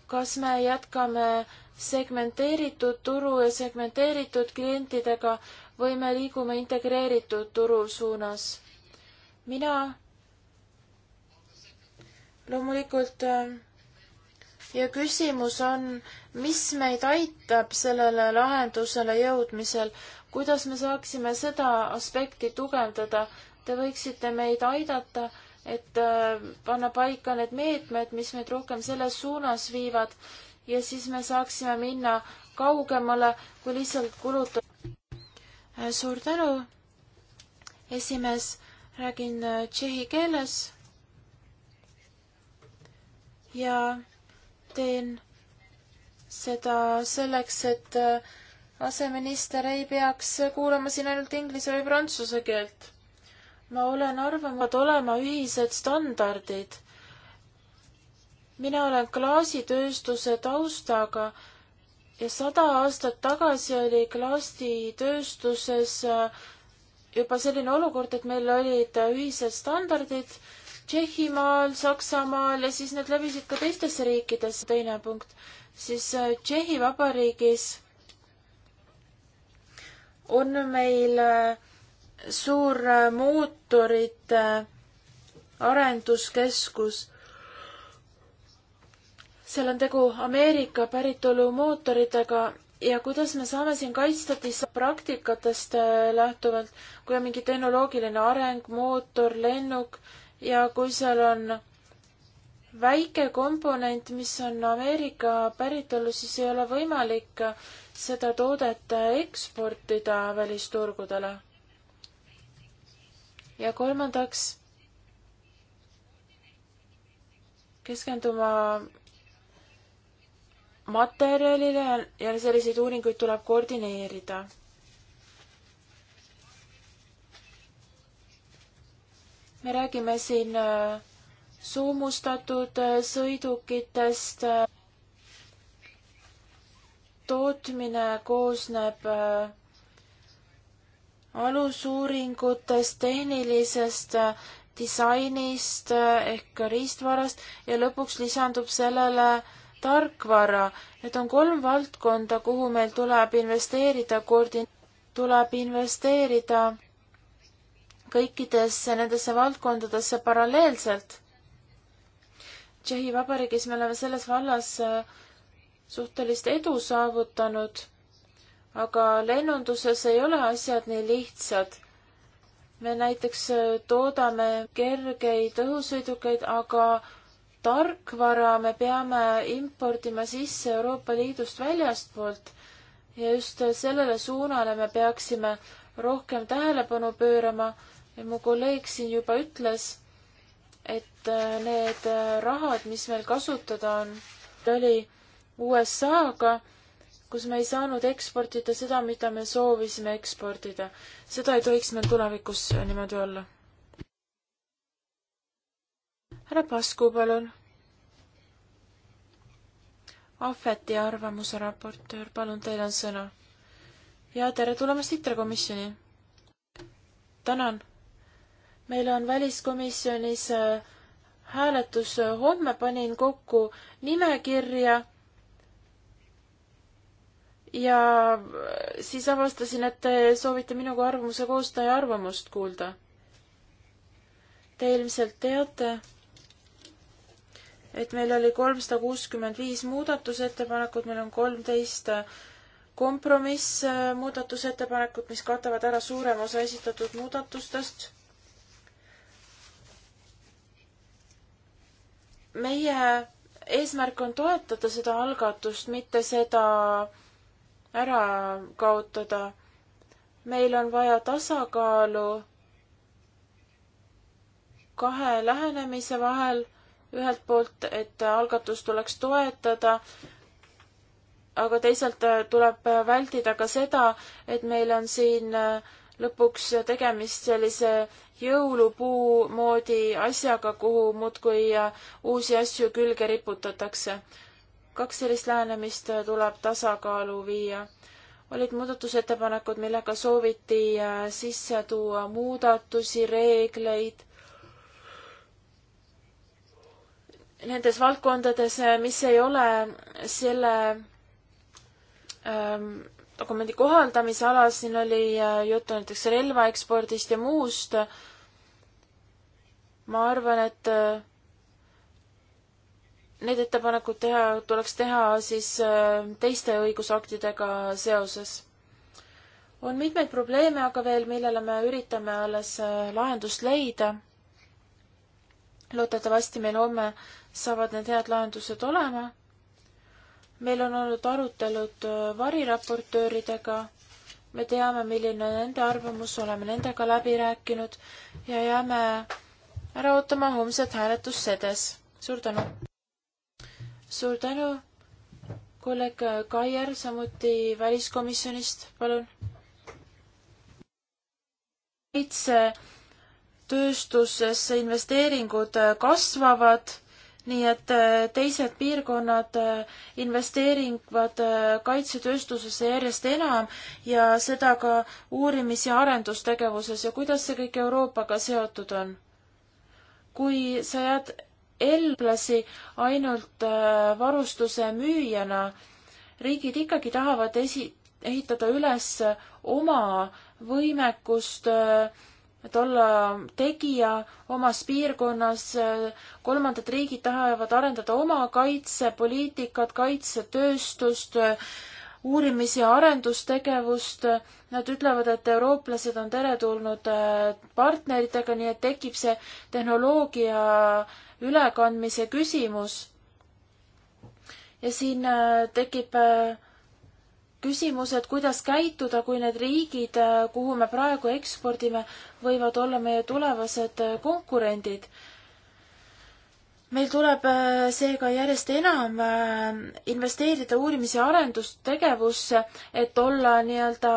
kas me jätkame segmenteeritud turu ja segmenteeritud klientidega või me liigume integreeritud turu suunas? mina loomulikult äh, ja küsimus on, mis meid aitab sellele lahendusele jõudmisel, kuidas me saaksime seda aspekti tugevdada. Te võiksite meid aidata, et äh, panna paika need meetmed, mis meid rohkem selles suunas viivad ja siis me saaksime minna kaugemale kui lihtsalt kulutada. Äh, suur tänu, esimees, räägin äh, tšehhi keeles ja teen seda selleks, et äh, aseminister ei peaks kuulama siin ainult inglise või prantsuse keelt. ma olen arvanud, et olema ühised standardid. mina olen klaasitööstuse taustaga ja sada aastat tagasi oli klaasitööstuses äh, juba selline olukord, et meil olid äh, ühised standardid Tšehhimaal, Saksamaal ja siis need levisid ka teistes riikides, teine punkt, siis äh, Tšehhi Vabariigis on meil äh, suur äh, mootorite arenduskeskus. seal on tegu Ameerika päritolu mootoritega ja kuidas me saame siin kaitsta praktikatest lähtuvalt, kui on mingi tehnoloogiline areng, mootor, lennuk ja kui seal on väike komponent, mis on Ameerika päritolu, siis ei ole võimalik seda toodet eksportida välisturgudele. ja kolmandaks keskenduma materjalile ja selliseid uuringuid tuleb koordineerida me räägime siin äh, soomustatud äh, sõidukitest. tootmine koosneb äh, alusuuringutest, tehnilisest disainist ehk riistvarast ja lõpuks lisandub sellele tarkvara. Need on kolm valdkonda, kuhu meil tuleb investeerida, koordi-, tuleb investeerida kõikidesse nendesse valdkondadesse paralleelselt. Tšehhi Vabariigis me oleme selles vallas äh, suhtelist edu saavutanud, aga lennunduses ei ole asjad nii lihtsad. me näiteks äh, toodame kergeid õhusõidukeid, aga tarkvara me peame impordima sisse Euroopa Liidust väljastpoolt ja just sellele suunale me peaksime rohkem tähelepanu pöörama ja mu kolleeg siin juba ütles, et äh, need äh, rahad, mis meil kasutada on, oli USA-ga, kus me ei saanud eksportida seda, mida me soovisime eksportida. seda ei tohiks meil tulevikus äh, niimoodi olla. härra Pasku, palun. Ahveti arvamuse raportöör, palun, teil on sõna. ja tere tulemast ITRE komisjoni. tänan meil on väliskomisjonis äh, hääletus äh, homme, panin kokku nimekirja ja äh, siis avastasin, et te soovite minuga arvamuse koostaja arvamust kuulda. Te ilmselt teate, et meil oli kolmsada kuuskümmend viis muudatusettepanekut, meil on kolmteist kompromissmuudatusettepanekut, mis katavad ära suurema osa esitatud muudatustest meie eesmärk on toetada seda algatust, mitte seda ära kaotada. meil on vaja tasakaalu kahe lähenemise vahel, ühelt poolt, et algatust tuleks toetada, aga teisalt äh, tuleb vältida ka seda, et meil on siin äh, lõpuks tegemist sellise jõulupuu moodi asjaga, kuhu muudkui äh, uusi asju külge riputatakse. kaks sellist lähenemist äh, tuleb tasakaalu viia. olid muudatusettepanekud, millega sooviti äh, sisse tuua muudatusi, reegleid nendes valdkondades, mis ei ole selle ähm, dokumendi kohaldamise alas, siin oli äh, juttu näiteks relvaekspordist ja muust. ma arvan, et äh, need ettepanekud teha, tuleks teha siis äh, teiste õigusaktidega seoses. on mitmeid probleeme aga veel, millele me üritame alles lahendust leida. loodetavasti meil homme saavad need head lahendused olema meil on olnud arutelud äh, variraportööridega, me teame, milline on nende arvamus, oleme nendega läbi rääkinud ja jääme ära ootama homset hääletust sedes. suur tänu! suur tänu, kolleeg Kaier, samuti väliskomisjonist, palun! kaitsetööstusesse investeeringud kasvavad nii et äh, teised piirkonnad äh, investeerivad äh, kaitsetööstusesse järjest enam ja seda ka uurimis- ja arendustegevuses ja kuidas see kõik Euroopaga seotud on? kui sa jääd elblasi ainult varustuse müüjana, riigid ikkagi tahavad esi-, ehitada üles oma võimekust äh, et olla tegija omas piirkonnas, kolmandad riigid tahavad arendada oma kaitsepoliitikat, kaitsetööstust, uurimis- ja arendustegevust. Nad ütlevad, et eurooplased on teretulnud äh, partneritega, nii et tekib see tehnoloogia ülekandmise küsimus. ja siin äh, tekib äh, küsimus, et kuidas käituda, kui need riigid, kuhu me praegu ekspordime, võivad olla meie tulevased konkurendid. meil tuleb äh, seega järjest enam äh, investeerida uurimis- ja arendustegevusse, et olla nii-öelda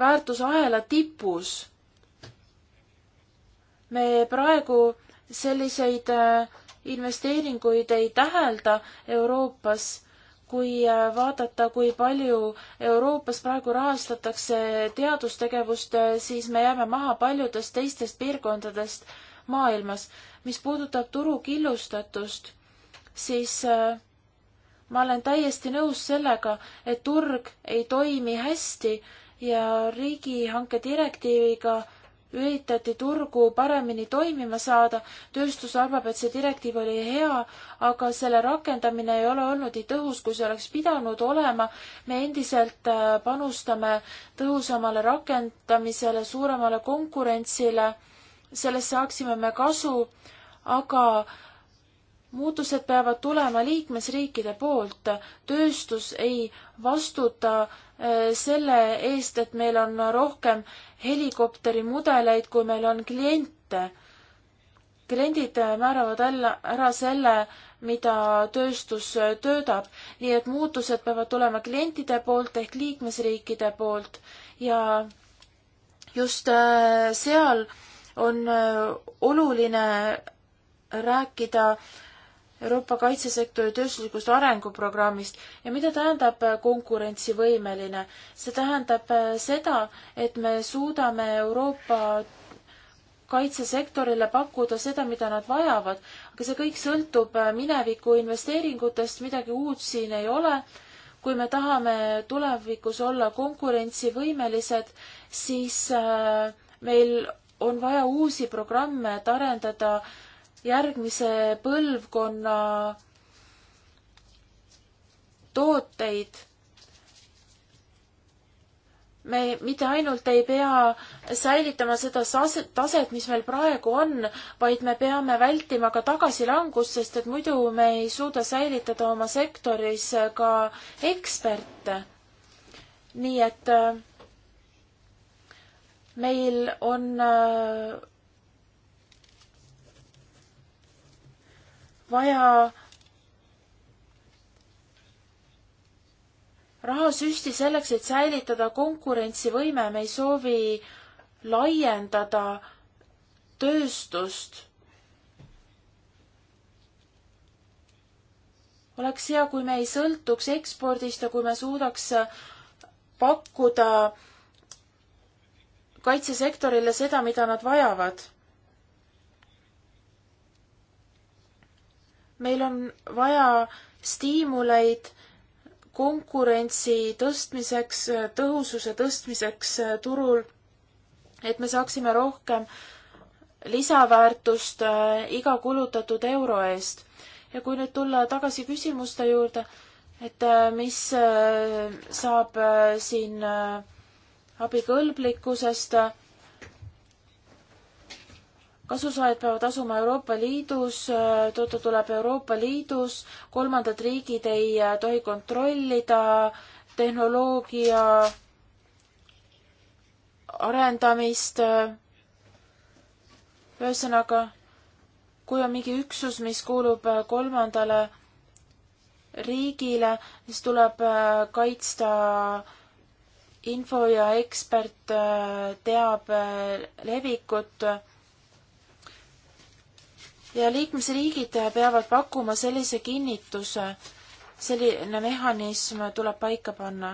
väärtusahela tipus. me praegu selliseid äh, investeeringuid ei tähelda Euroopas kui äh, vaadata, kui palju Euroopas praegu rahastatakse teadustegevust, äh, siis me jääme maha paljudest teistest piirkondadest maailmas. mis puudutab turu killustatust, siis äh, ma olen täiesti nõus sellega, et turg ei toimi hästi ja riigihanke direktiiviga üritati turgu paremini toimima saada, tööstus arvab, et see direktiiv oli hea, aga selle rakendamine ei ole olnud nii tõhus, kui see oleks pidanud olema. me endiselt äh, panustame tõhusamale rakendamisele, suuremale konkurentsile, sellest saaksime me kasu, aga muutused peavad tulema liikmesriikide poolt, tööstus ei vastuta äh, selle eest, et meil on rohkem helikopterimudeleid, kui meil on kliente. kliendid määravad alla, ära selle, mida tööstus töödab, nii et muutused peavad tulema klientide poolt ehk liikmesriikide poolt ja just äh, seal on äh, oluline rääkida äh, Euroopa kaitsesektori tööstuslikust arenguprogrammist ja mida tähendab äh, konkurentsivõimeline? see tähendab äh, seda, et me suudame Euroopa kaitsesektorile pakkuda seda, mida nad vajavad, aga see kõik sõltub äh, mineviku investeeringutest, midagi uut siin ei ole. kui me tahame tulevikus olla konkurentsivõimelised, siis meil on vaja uusi programme, et arendada äh, järgmise põlvkonna tooteid. me mitte ainult ei pea säilitama seda taset, mis meil praegu on, vaid me peame vältima ka tagasilangust, sest et muidu me ei suuda säilitada oma sektoris ka eksperte. nii et äh, meil on äh, vaja rahasüsti selleks, et säilitada konkurentsivõime, me ei soovi laiendada tööstust. oleks hea, kui me ei sõltuks ekspordist ja kui me suudaks pakkuda kaitsesektorile seda, mida nad vajavad meil on vaja stiimuleid konkurentsi tõstmiseks, tõhususe tõstmiseks äh, turul, et me saaksime rohkem lisaväärtust äh, iga kulutatud euro eest. ja kui nüüd tulla tagasi küsimuste juurde, et äh, mis saab siin abikõlblikkusest, kasusaajad peavad asuma Euroopa Liidus, äh, töötu tuleb Euroopa Liidus, kolmandad riigid ei äh, tohi kontrollida tehnoloogia arendamist. Äh. ühesõnaga, kui on mingi üksus, mis kuulub kolmandale riigile, siis tuleb kaitsta info ja ekspertteabe levikut ja liikmesriigid peavad pakkuma sellise kinnituse, selline mehhanism tuleb paika panna.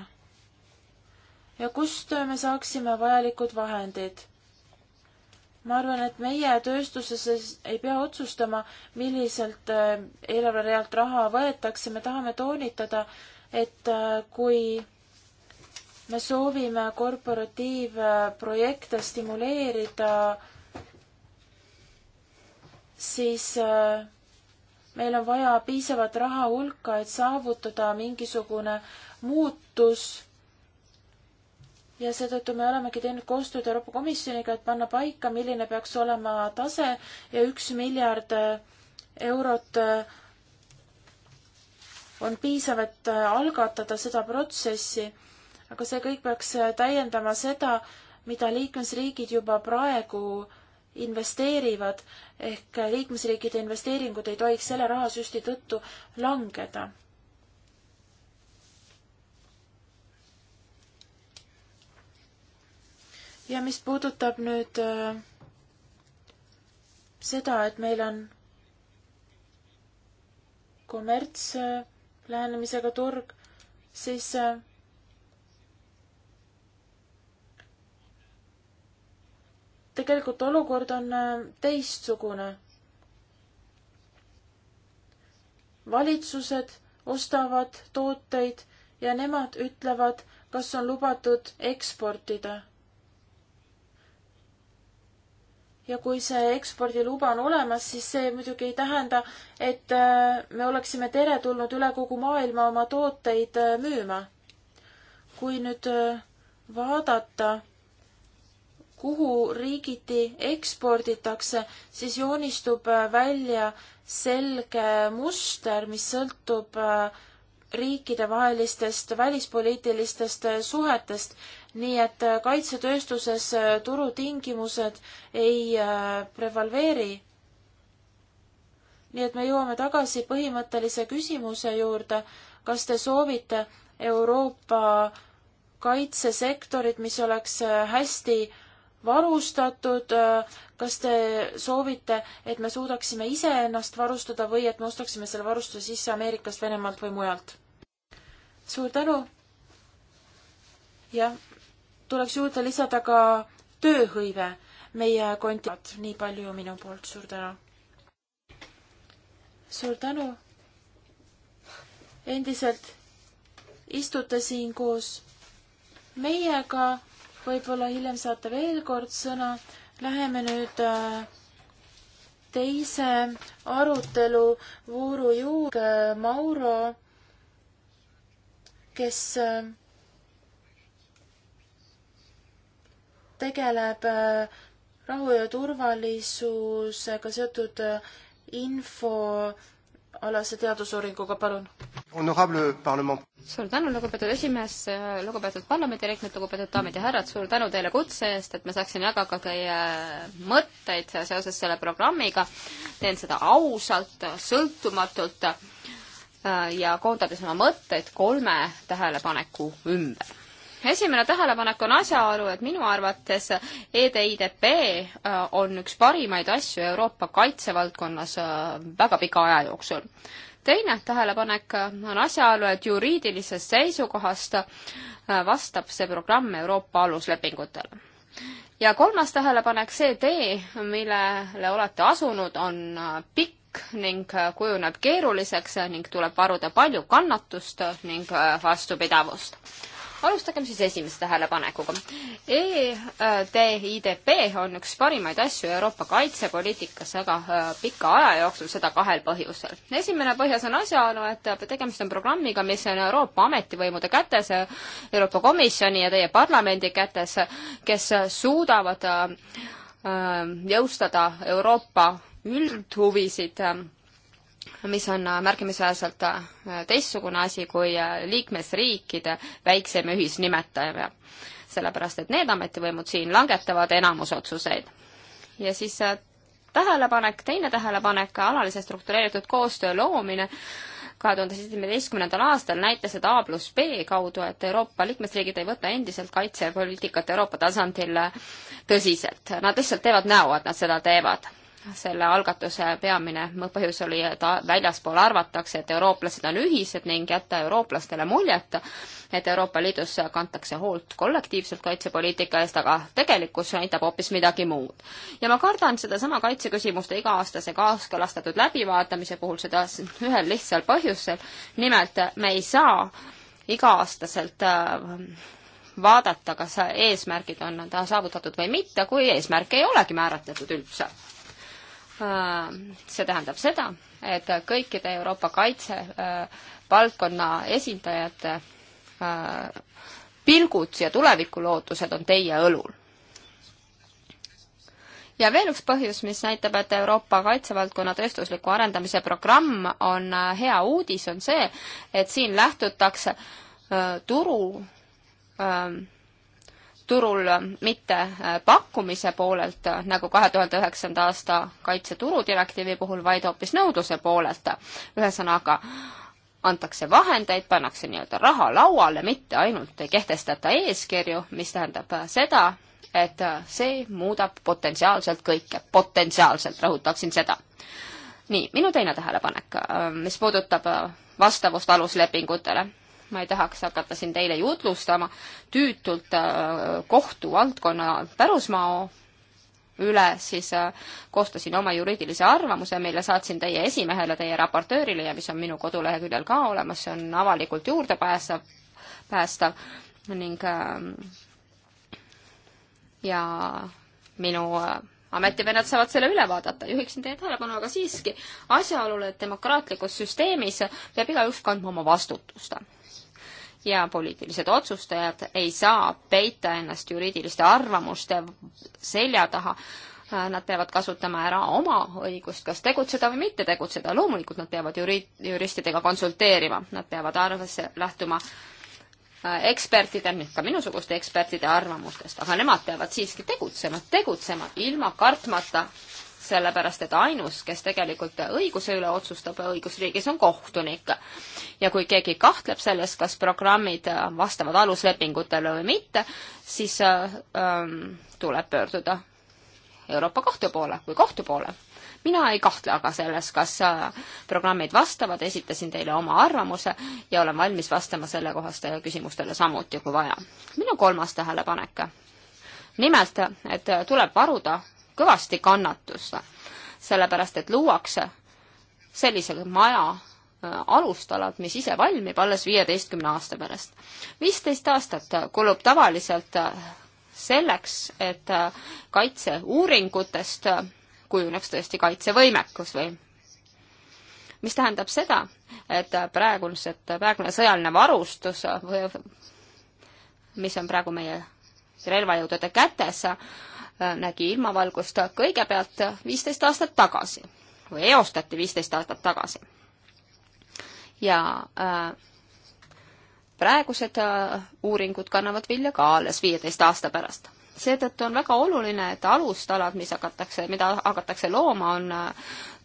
ja kust me saaksime vajalikud vahendid? ma arvan, et meie tööstuses ei pea otsustama, milliselt eh, eelarverealt raha võetakse, me tahame toonitada, et eh, kui me soovime korporatiivprojekte stimuleerida, siis äh, meil on vaja piisavat raha hulka, et saavutada mingisugune muutus. ja seetõttu me olemegi teinud koostööd Euroopa Komisjoniga, et panna paika, milline peaks olema tase ja üks miljard äh, eurot äh, on piisav, et algatada seda protsessi. aga see kõik peaks täiendama seda, mida liikmesriigid juba praegu äh, investeerivad ehk liikmesriikide investeeringud ei tohiks selle rahasüsti tõttu langeda. ja mis puudutab nüüd äh, seda, et meil on kommertslähenemisega äh, turg, siis äh, tegelikult olukord on äh, teistsugune. valitsused ostavad tooteid ja nemad ütlevad, kas on lubatud eksportida. ja kui see ekspordiluba on olemas, siis see muidugi ei tähenda, et äh, me oleksime teretulnud üle kogu maailma oma tooteid äh, müüma. kui nüüd vaadata kuhu riigiti eksporditakse, siis joonistub äh, välja selge muster, mis sõltub äh, riikidevahelistest välispoliitilistest äh, suhetest, nii et kaitsetööstuses turutingimused ei prevaleeri. nii et me jõuame tagasi põhimõttelise küsimuse juurde, kas te soovite Euroopa kaitsesektorit, mis oleks hästi varustatud, kas te soovite, et me suudaksime ise ennast varustada või et me ostaksime selle varustuse sisse Ameerikast, Venemaalt või mujalt? suur tänu! jah, tuleks juurde lisada ka tööhõive, meie kontikat, nii palju minu poolt, suur tänu! suur tänu! endiselt istute siin koos meiega võib-olla hiljem saate veel kord sõna. Läheme nüüd äh, teise arutelu vooru juurde. Mauro, kes äh, tegeleb äh, rahu ja turvalisusega seotud info alase teadusuuringuga, palun. suur tänu, lugupeetud esimees, lugupeetud parlamendiliikmed, lugupeetud daamid ja härrad, suur tänu teile kutse eest, et ma saaksin jagada teie mõtteid seoses selle programmiga. teen seda ausalt, sõltumatult äh, ja koondades oma mõtteid kolme tähelepaneku ümber esimene tähelepanek on asjaolu, et minu arvates EDIDP äh, on üks parimaid asju Euroopa kaitsevaldkonnas äh, väga pika aja jooksul. teine tähelepanek äh, on asjaolu, et juriidilisest seisukohast vastab see programm Euroopa aluslepingutele. ja kolmas tähelepanek, see tee, millele olete asunud, on pikk ning kujuneb keeruliseks ning tuleb varuda palju kannatust ning vastupidavust alustagem siis esimese tähelepanekuga e. EDIDP on üks parimaid asju Euroopa kaitsepoliitikas väga äh, pika aja jooksul, seda kahel põhjusel. esimene põhjus on asjaolu, et tegemist on programmiga, mis on Euroopa ametivõimude kätes, Euroopa Komisjoni ja teie parlamendi kätes, kes suudavad äh, jõustada Euroopa üldhuvisid äh, mis on äh, märkimisväärselt äh, teistsugune asi kui äh, liikmesriikide väiksem ühisnimetaja, sellepärast et need ametivõimud siin langetavad enamusotsuseid. ja siis tähelepanek, teine tähelepanek, alalise struktureeritud koostöö loomine kahe tuhande seitsmeteistkümnendal aastal näitas, et A pluss B kaudu, et Euroopa liikmesriigid ei võta endiselt kaitsepoliitikat Euroopa tasandil tõsiselt. Nad lihtsalt teevad näo, et nad seda teevad selle algatuse peamine põhjus oli, et väljaspool arvatakse, et eurooplased on ühised ning jätta eurooplastele muljet, et Euroopa Liidus kantakse hoolt kollektiivselt kaitsepoliitika eest, aga tegelikkus näitab hoopis midagi muud. ja ma kardan sedasama kaitseküsimuste iga-aastase kaaskõlastatud läbivaatamise puhul seda ühel lihtsal põhjusel, nimelt me ei saa iga-aastaselt äh, vaadata, kas eesmärgid on saavutatud või mitte, kui eesmärke ei olegi määratletud üldse Äh, see tähendab seda, et kõikide Euroopa kaitsevaldkonna äh, esindajate äh, pilgud ja tulevikulootused on teie õlul. ja veel üks põhjus, mis näitab, et Euroopa kaitsevaldkonna tööstusliku arendamise programm on hea uudis, on see, et siin lähtutakse turu ähm, turul mitte äh, pakkumise poolelt, nagu kahe tuhande üheksanda aasta kaitseturudirektiivi puhul, vaid hoopis nõudluse poolelt. ühesõnaga, antakse vahendeid, pannakse nii-öelda raha lauale, mitte ainult ei kehtestata eeskirju, mis tähendab seda, et see muudab potentsiaalselt kõike, potentsiaalselt, rõhutaksin seda. nii, minu teine tähelepanek, äh, mis puudutab äh, vastavust aluslepingutele ma ei tahaks hakata siin teile jutlustama tüütult äh, kohtuvaldkonna pärusmaa üle, siis äh, koostasin oma juriidilise arvamuse, mille saatsin teie esimehele, teie raportöörile ja mis on minu koduleheküljel ka olemas, see on avalikult juurdepäästav, päästav ning ähm, ja minu äh, ametivennad saavad selle üle vaadata, juhiksin teie tähelepanu aga siiski asjaolule, et demokraatlikus süsteemis peab igaüks kandma oma vastutust ja poliitilised otsustajad ei saa peita ennast juriidiliste arvamuste selja taha. Nad peavad kasutama ära oma õigust, kas tegutseda või mitte tegutseda. loomulikult nad peavad juri-, juristidega konsulteerima, nad peavad arvesse lähtuma äh, ekspertide, ka minusuguste ekspertide arvamustest, aga nemad peavad siiski tegutsema, tegutsema ilma kartmata sellepärast et ainus, kes tegelikult õiguse üle otsustab õigusriigis, on kohtunik. ja kui keegi kahtleb selles, kas programmid vastavad aluslepingutele või mitte, siis ähm, tuleb pöörduda Euroopa Kohtu poole või kohtu poole mina ei kahtle aga selles, kas äh, programmid vastavad, esitasin teile oma arvamuse ja olen valmis vastama sellekohaste küsimustele samuti, kui vaja. minu kolmas tähelepanek. nimelt, et äh, tuleb varuda kõvasti kannatust, sellepärast et luuakse sellise maja äh, alustalad, mis ise valmib alles viieteistkümne aasta pärast. viisteist aastat kulub tavaliselt äh, selleks, et äh, kaitseuuringutest kujuneks tõesti kaitsevõimekus või mis tähendab seda, et praegused, praegune sõjaline varustus, mis on praegu meie relvajõudude kätes, Äh, nägi ilmavalgust kõigepealt viisteist aastat tagasi või eostati viisteist aastat tagasi. ja äh, praegused äh, uuringud kannavad vilja ka alles viieteist aasta pärast. seetõttu on väga oluline, et alustalad, mis hakatakse, mida hakatakse looma, on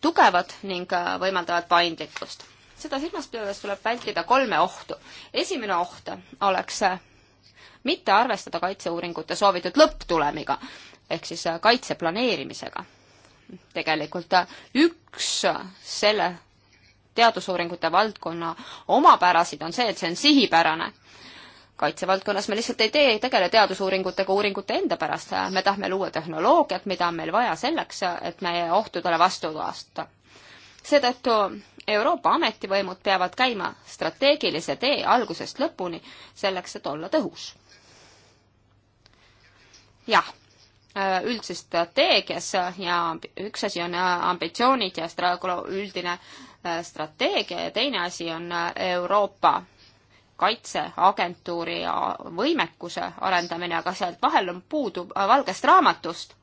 tugevad ning võimaldavad paindlikkust. seda silmas pidades tuleb vältida kolme ohtu. esimene oht oleks mitte arvestada kaitseuuringute soovitud lõpptulemiga ehk siis äh, kaitse planeerimisega. tegelikult äh, üks selle teadusuuringute valdkonna omapärasid on see, et see on sihipärane. kaitsevaldkonnas me lihtsalt ei tee, ei tegele teadusuuringutega uuringute enda pärast, me tahame luua tehnoloogiat, mida on meil vaja selleks, et meie ohtudele vastu astuda. seetõttu Euroopa ametivõimud peavad käima strateegilise tee algusest lõpuni, selleks et olla tõhus. jah Äh, üldses strateegias ja üks asi on äh, ambitsioonid ja üldine äh, strateegia ja teine asi on Euroopa kaitseagentuuri võimekuse arendamine, aga sealt vahel on puudu valgest raamatust.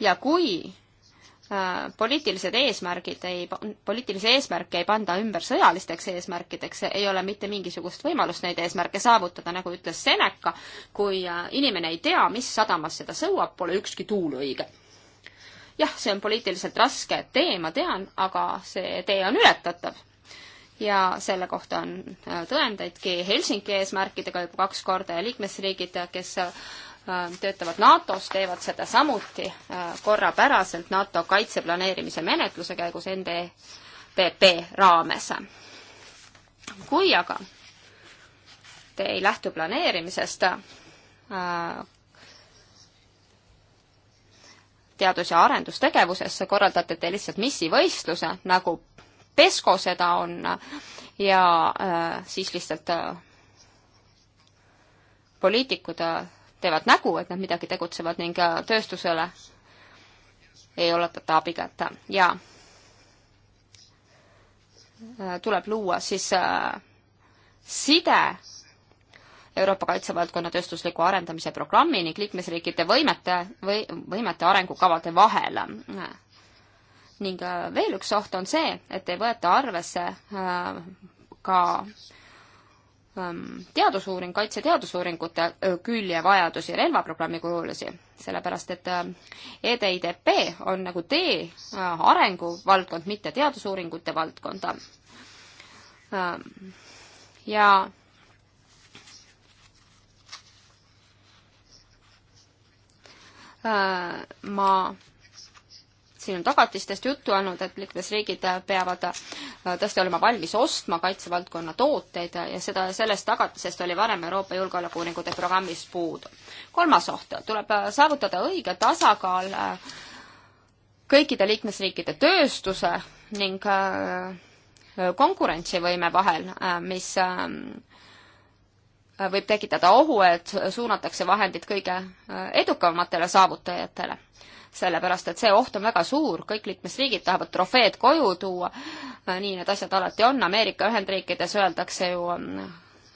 ja kui Äh, poliitilised eesmärgid ei, poliitilisi eesmärke ei panda ümber sõjalisteks eesmärkideks, ei ole mitte mingisugust võimalust neid eesmärke saavutada, nagu ütles Seneca, kui äh, inimene ei tea, mis sadamas seda sõuab, pole ükski tuul õige. jah, see on poliitiliselt raske tee, ma tean, aga see tee on ületatav. ja selle kohta on äh, tõendeidki Helsingi eesmärkidega juba kaks korda ja liikmesriigid, kes Äh, töötavad NATO-s, teevad seda samuti äh, korrapäraselt NATO kaitseplaneerimise menetluse käigus NDPP raames. kui aga te ei lähtu planeerimisest, äh, teadus- ja arendustegevusesse, korraldate te lihtsalt missivõistluse, nagu Pesco seda on, ja äh, siis lihtsalt äh, poliitikud äh, teevad nägu, et nad midagi tegutsevad ning äh, tööstusele ei oletata abikätt ja äh, tuleb luua siis äh, side Euroopa kaitsevaldkonna tööstusliku arendamise programmi ning liikmesriikide võimete või võimete arengukavade vahel. ning veel üks oht on see, et ei võeta arvesse ka Ähm, teadusuuring, kaitseteadusuuringute äh, külje vajadusi relvaprogrammi kujulisi, sellepärast et äh, EDIDP on nagu tee äh, arenguvaldkond, mitte teadusuuringute valdkond. Ähm, ja ma siin on tagatistest juttu olnud, et liikmesriigid peavad tõesti olema valmis ostma kaitsevaldkonna tooteid ja seda, sellest tagatisest oli varem Euroopa julgeolekuuuringute programmis puudu. kolmas oht, tuleb äh, saavutada õige tasakaal äh, kõikide liikmesriikide tööstuse ning äh, konkurentsivõime vahel, mis võib tekitada ohu, et suunatakse vahendid kõige edukamatele saavutajatele. sellepärast, et see oht on väga suur, kõik liikmesriigid tahavad trofeed koju tuua Äh, nii need asjad alati on, Ameerika Ühendriikides öeldakse ju mm,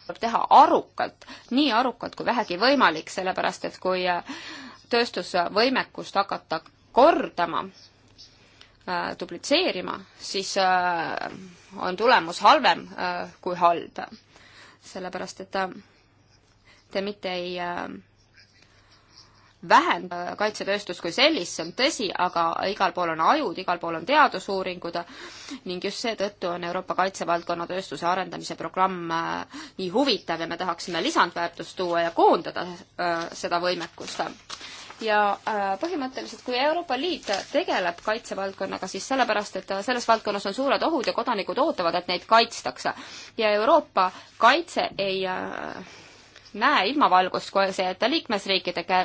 tuleb teha arukalt, nii arukalt kui vähegi võimalik, sellepärast et kui äh, tööstusvõimekust hakata kordama, äh, duplitseerima, siis on tulemus halvem kui halb. sellepärast et te mitte ei vähem äh, kaitsetööstus kui sellist, see on tõsi, aga igal pool on ajud, igal pool on teadusuuringud ning just seetõttu on Euroopa kaitsevaldkonna tööstuse arendamise programm äh, nii huvitav ja me tahaksime lisandväärtust tuua ja koondada äh, seda võimekust ja põhimõtteliselt, kui Euroopa Liit tegeleb kaitsevaldkonnaga, siis sellepärast, et selles valdkonnas on suured ohud ja kodanikud ootavad, et neid kaitstakse. ja Euroopa kaitse ei näe ilmavalgust, kui see jätta liikmesriikide kä-,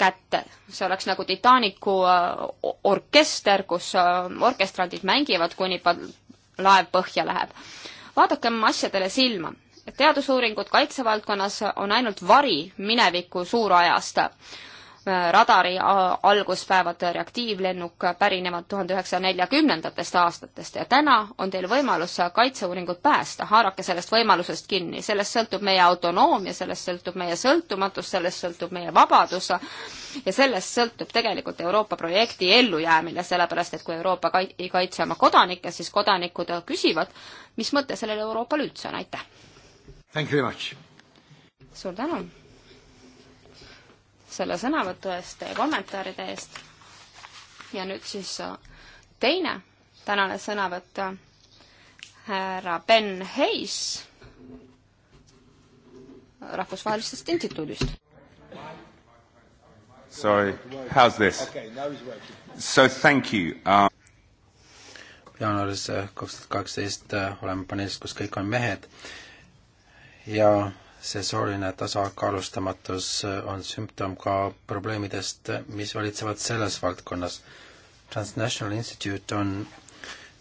kätte. see oleks nagu Titanicu äh, orkester, kus äh, orkestrandid mängivad, kuni laev põhja läheb. vaadakem asjadele silma. teadusuuringud kaitsevaldkonnas on ainult vari mineviku suurajast Äh, radari alguspäevad reaktiivlennuk pärinevad tuhande üheksasaja neljakümnendatest aastatest ja täna on teil võimalus kaitseuuringut päästa, haarake sellest võimalusest kinni, sellest sõltub meie autonoomia, sellest sõltub meie sõltumatus, sellest sõltub meie vabadus ja sellest sõltub tegelikult Euroopa projekti ellujäämine, sellepärast et kui Euroopa ei kaitse oma kodanikke, siis kodanikud küsivad, mis mõte sellel Euroopal üldse on, aitäh! suur tänu! selle sõnavõtu eest, teie kommentaaride eest. ja nüüd siis äh, teine tänane sõnavõtt, äh, härra Ben Hayes rahvusvahelisest instituudist. Sorry, how's this? So thank you uh.... jaanuaris äh, kaks tuhat kaheksateist oleme paneelis, kus kõik on mehed ja see sooline tasakaalustamatus äh, on sümptom ka probleemidest, mis valitsevad selles valdkonnas. Transnational Institute on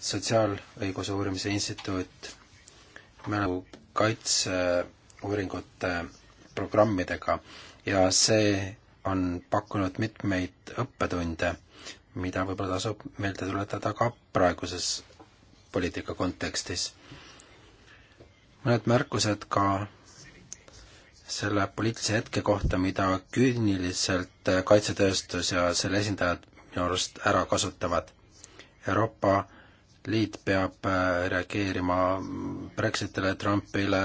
sotsiaalõiguse uurimise instituut mälukaitseuuringute programmidega ja see on pakkunud mitmeid õppetunde, mida võib-olla tasub meelde tuletada ka praeguses poliitika kontekstis. mõned märkused ka selle poliitilise hetke kohta, mida küüniliselt äh, kaitsetööstus ja selle esindajad minu arust ära kasutavad. Euroopa Liit peab äh, reageerima Brexitile, Trumpile,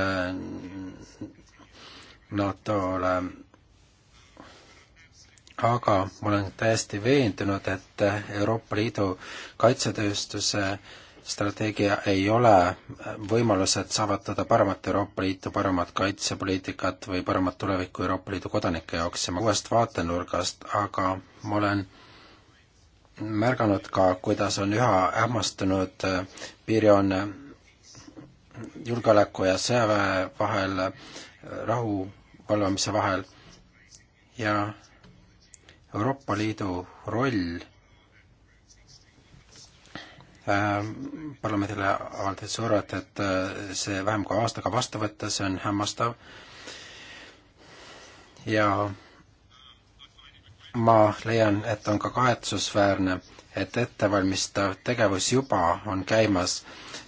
NATO-le, aga ma olen täiesti veendunud, et Euroopa Liidu kaitsetööstuse äh, strateegia ei ole võimalus, et saavutada paremat Euroopa Liitu, paremat kaitsepoliitikat või paremat tulevikku Euroopa Liidu kodanike jaoks ja ma uuest vaatenurgast, aga ma olen märganud ka, kuidas on üha hämmastunud äh, piirjoon äh, julgeoleku ja sõjaväe vahel, äh, rahu valvamise vahel ja Euroopa Liidu roll Äh, parlamendile avaldas survet, et äh, see vähem kui aastaga vastu võtta, see on hämmastav. ja ma leian, et on ka kahetsusväärne, et ettevalmistav tegevus juba on käimas,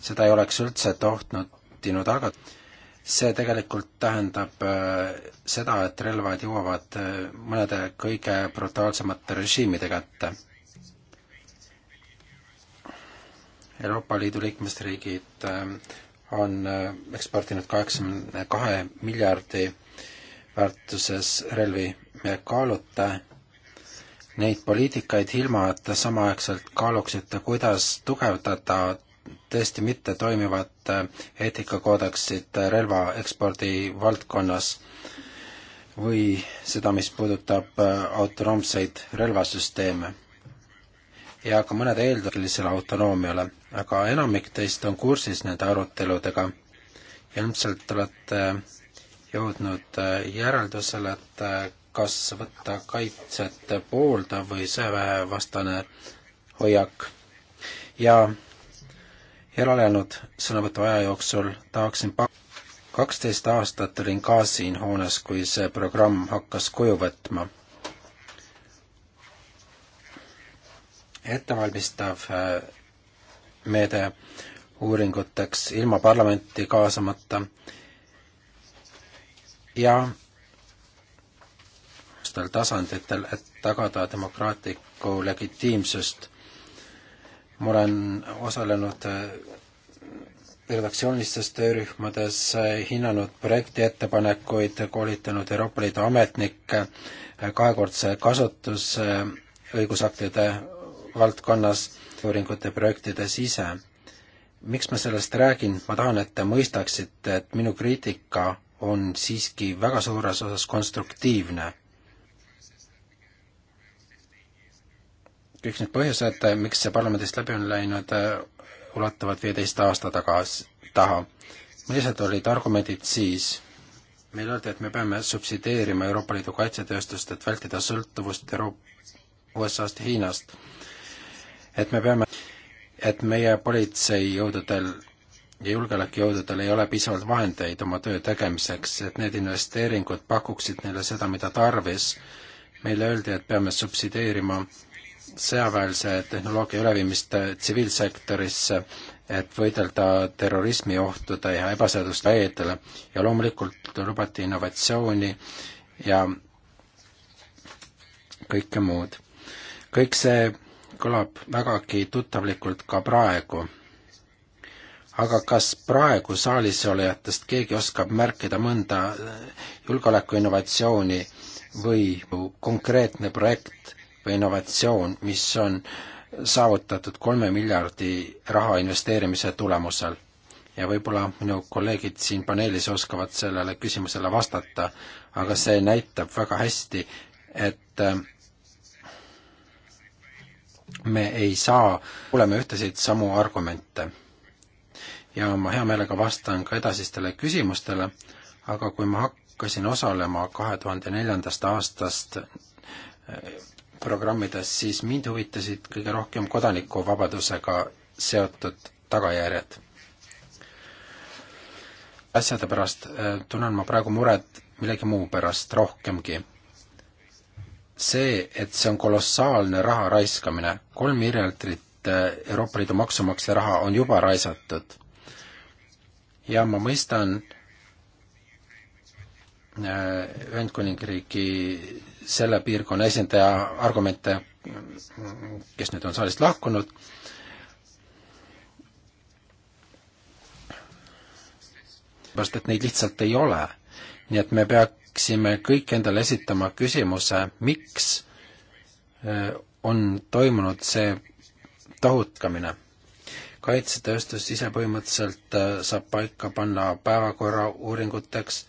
seda ei oleks üldse tohtinud algat-. see tegelikult tähendab äh, seda, et relvad jõuavad mõnede kõige brutaalsemate režiimide kätte Euroopa Liidu liikmesriigid äh, on äh, eksportinud kaheksakümne kahe miljardi väärtuses relvi. me kaalute neid poliitikaid ilma, et samaaegselt kaaluksite, kuidas tugevdada tõesti mitte toimivat äh, eetikakoodeksit relvaekspordi valdkonnas või seda, mis puudutab autonoomseid relvasüsteeme ja ka mõnede eeldusele autonoomiale aga enamik teist on kursis nende aruteludega. ilmselt olete jõudnud äh, järeldusele, et äh, kas võtta kaitset pooldav või sõjaväevastane hoiak. ja järelejäänud sõnavõtu aja jooksul tahaksin pak-, kaksteist aastat olin ka siin hoones, kui see programm hakkas kuju võtma. ettevalmistav äh, meede uuringuteks ilma parlamenti kaasamata ja tasanditel, et tagada demokraatlikku legitiimsust. ma olen osalenud äh, redaktsioonilistes töörühmades, äh, hinnanud projektiettepanekuid, koolitanud Euroopa Liidu ametnikke äh, kahekordse kasutusõigusaktide valdkonnas uuringute projektides ise. miks ma sellest räägin, ma tahan, et te mõistaksite, et minu kriitika on siiski väga suures osas konstruktiivne. kõik need põhjused, miks see parlamendist läbi on läinud, ulatuvad viieteist aasta taga, taha. millised olid argumendid siis? meile öeldi, et me peame subsideerima Euroopa Liidu kaitsetööstust, et vältida sõltuvust Euro-, USA-st ja Hiinast et me peame, et meie politseijõududel ja julgeolekujõududel ei ole piisavalt vahendeid oma töö tegemiseks, et need investeeringud pakuksid neile seda, mida tarvis. meile öeldi, et peame subsideerima sõjaväelise tehnoloogia üleviimist tsiviilsektorisse, et võidelda terrorismiohtude ja ebaseaduste reedele ja loomulikult lubati innovatsiooni ja kõike muud. kõik see kõlab vägagi tuttavlikult ka praegu. aga kas praegu saalis olijatest keegi oskab märkida mõnda äh, julgeolekuinnovatsiooni või konkreetne projekt või innovatsioon, mis on saavutatud kolme miljardi raha investeerimise tulemusel? ja võib-olla minu kolleegid siin paneelis oskavad sellele küsimusele vastata, aga see näitab väga hästi, et äh, me ei saa, kuuleme ühtesid samu argumente. ja ma hea meelega vastan ka edasistele küsimustele, aga kui ma hakkasin osalema kahe tuhande neljandast aastast eh, programmides, siis mind huvitasid kõige rohkem kodanikuvabadusega seotud tagajärjed. asjade pärast eh, tunnen ma praegu muret millegi muu pärast rohkemgi see, et see on kolossaalne raha raiskamine, kolm miljardit äh, Euroopa Liidu maksumaksja raha on juba raisatud. ja ma mõistan äh, Ühendkuningriigi selle piirkonna esindaja argumente, kes nüüd on saalist lahkunud, sellepärast et neid lihtsalt ei ole. nii et me pea-, peaksime kõik endale esitama küsimuse, miks äh, on toimunud see tohutkamine. kaitsetööstus ise põhimõtteliselt äh, saab paika panna päevakorra uuringuteks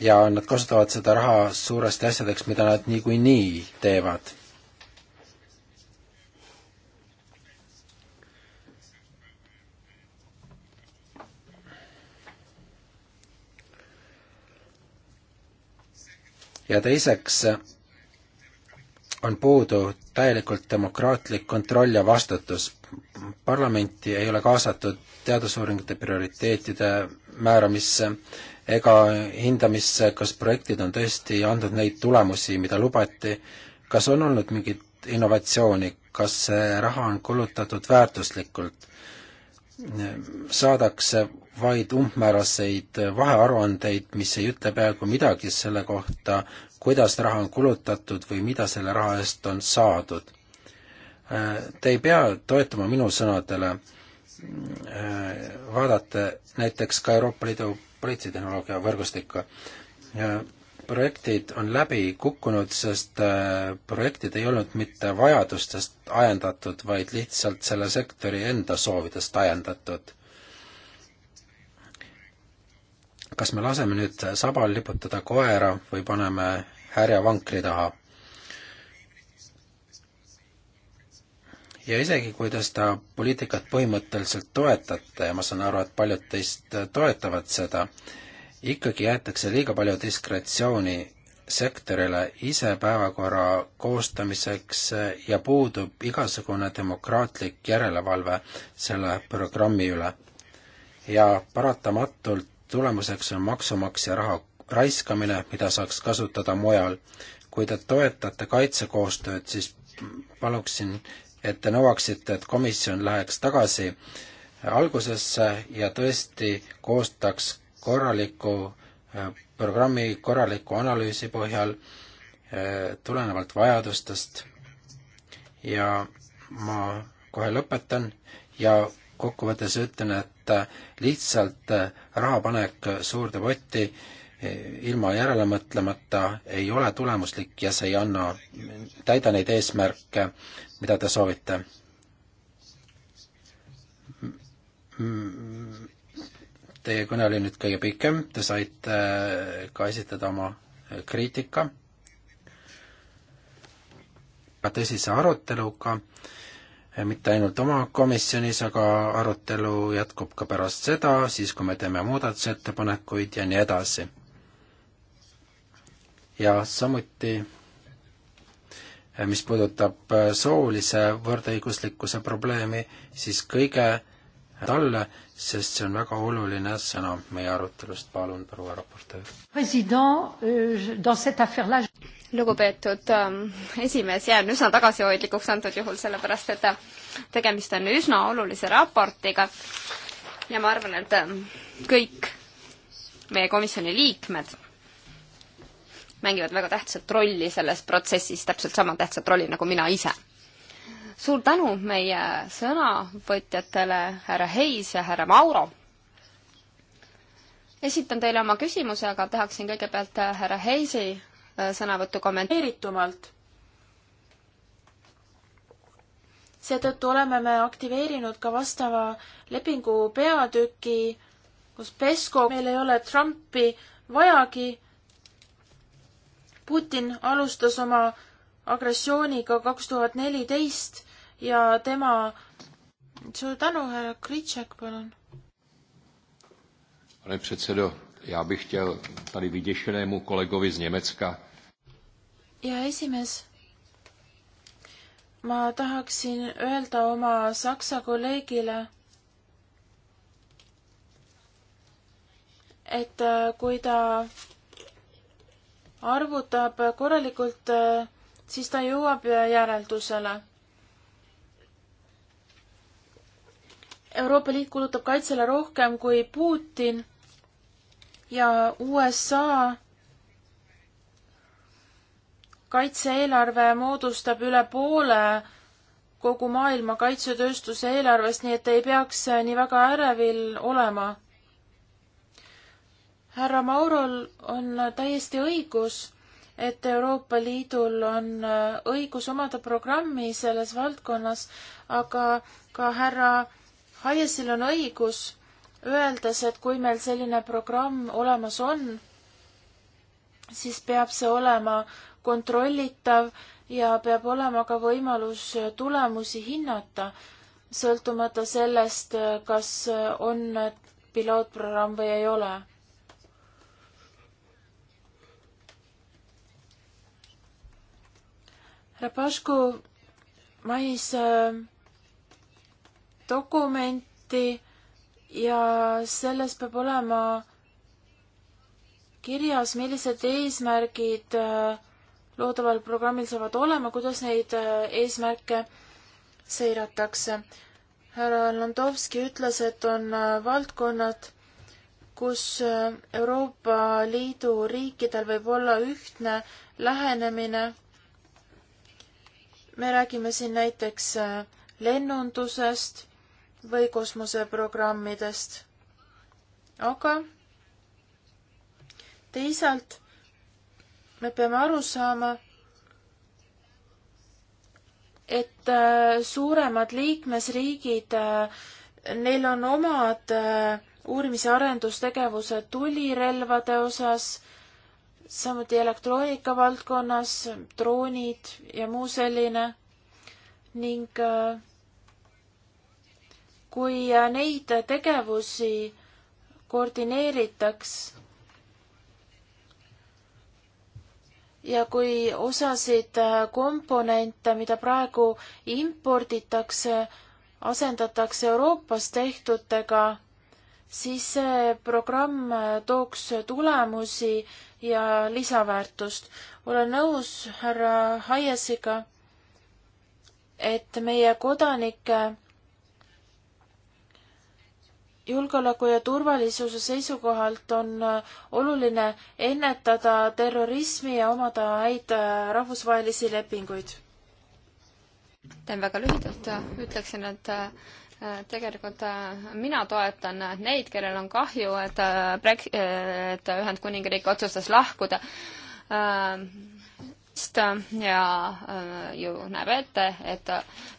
ja nad kasutavad seda raha suuresti asjadeks, mida nad niikuinii teevad ja teiseks on puudu täielikult demokraatlik kontroll ja vastutus. parlamenti ei ole kaasatud teadusuuringute prioriteetide määramisse ega hindamisse, kas projektid on tõesti andnud neid tulemusi, mida lubati, kas on olnud mingit innovatsiooni, kas see raha on kulutatud väärtuslikult, saadakse vaid umbmääraseid vahearuandeid, mis ei ütle peaaegu midagi selle kohta, kuidas raha on kulutatud või mida selle raha eest on saadud. Te ei pea toetuma minu sõnadele, vaadata näiteks ka Euroopa Liidu politseitehnoloogia võrgustikku. projektid on läbi kukkunud, sest äh, projektid ei olnud mitte vajadustest ajendatud, vaid lihtsalt selle sektori enda soovidest ajendatud kas me laseme nüüd sabal liputada koera või paneme härja vankri taha? ja isegi, kui te seda poliitikat põhimõtteliselt toetate ja ma saan aru, et paljud teist toetavad seda, ikkagi jäetakse liiga palju diskretsiooni sektorile ise päevakorra koostamiseks ja puudub igasugune demokraatlik järelevalve selle programmi üle. ja paratamatult tulemuseks on maksumaksja raha raiskamine, mida saaks kasutada mujal. kui te toetate kaitsekoostööd, siis paluksin, et te nõuaksite, et komisjon läheks tagasi algusesse ja tõesti koostaks korraliku äh, programmi korraliku analüüsi põhjal äh, tulenevalt vajadustest ja ma kohe lõpetan ja kokkuvõttes ütlen, et äh, lihtsalt äh, rahapanek äh, suurde potti e, ilma järele mõtlemata ei ole tulemuslik ja see ei anna, täida neid eesmärke, mida te soovite. Teie kõne oli nüüd kõige pikem, te saite ka esitada oma kriitika ka tõsise aruteluga mitte ainult oma komisjonis, aga arutelu jätkub ka pärast seda, siis kui me teeme muudatusettepanekuid ja nii edasi. ja samuti mis puudutab äh, soolise võrdõiguslikkuse probleemi, siis kõige talle, sest see on väga oluline sõna meie arutelust, palun, proua raportöör lugupeetud ähm, esimees, jään üsna tagasihoidlikuks antud juhul, sellepärast et äh, tegemist on üsna olulise raportiga ja ma arvan, et ähm, kõik meie komisjoni liikmed mängivad väga tähtsat rolli selles protsessis, täpselt sama tähtsat rolli nagu mina ise. suur tänu meie sõnavõtjatele, härra Heis ja härra Mauro esitan teile oma küsimuse, aga tahaksin kõigepealt äh, härra Heisi Äh, sõnavõttu kommenteeritumalt. seetõttu oleme me aktiveerinud ka vastava lepingu peatüki, kus Pesko, meil ei ole Trumpi vajagi. Putin alustas oma agressiooniga kaks tuhat neliteist ja tema, suur tänu, härra Kritšek, palun. olen Pšetšelov Já bych chtěl tady vyděšenému kolegovi z Německa. Ja esimees, ma tahaksin öelda oma saksa kolleegile, et äh, kui ta arvutab korralikult, äh, siis ta jõuab järeldusele. Euroopa Liit kulutab kaitsele rohkem kui Putin ja USA kaitse-eelarve moodustab üle poole kogu maailma kaitsetööstuse eelarvest, nii et ei peaks nii väga ärevil olema. härra Maurol on täiesti õigus, et Euroopa Liidul on õigus omada programmi selles valdkonnas, aga ka härra Haiesil on õigus, öeldes, et kui meil selline programm olemas on, siis peab see olema kontrollitav ja peab olema ka võimalus tulemusi hinnata, sõltumata sellest, kas on pilootprogramm või ei ole. Rapašku mais äh, dokumenti ja selles peab olema kirjas, millised eesmärgid äh, loodaval programmil saavad olema, kuidas neid äh, eesmärke seiratakse. härra Landovski ütles, et on äh, valdkonnad, kus Euroopa Liidu riikidel võib olla ühtne lähenemine. me räägime siin näiteks lennundusest või kosmoseprogrammidest. aga teisalt me peame aru saama, et äh, suuremad liikmesriigid, äh, neil on omad äh, uurimis- ja arendustegevused tulirelvade osas, samuti elektroonika valdkonnas, droonid ja muu selline ning äh, kui neid tegevusi koordineeritaks ja kui osasid komponente, mida praegu imporditakse, asendatakse Euroopas tehtutega, siis see programm tooks tulemusi ja lisaväärtust. olen nõus härra Haiesiga, et meie kodanike julgeoleku ja turvalisuse seisukohalt on äh, oluline ennetada terrorismi ja omada häid äh, rahvusvahelisi lepinguid. teen väga lühidalt, ütleksin, et äh, tegelikult mina toetan neid, kellel on kahju, et Brexit, et Ühendkuningriik otsustas lahkuda ja äh, ju näeb ette, et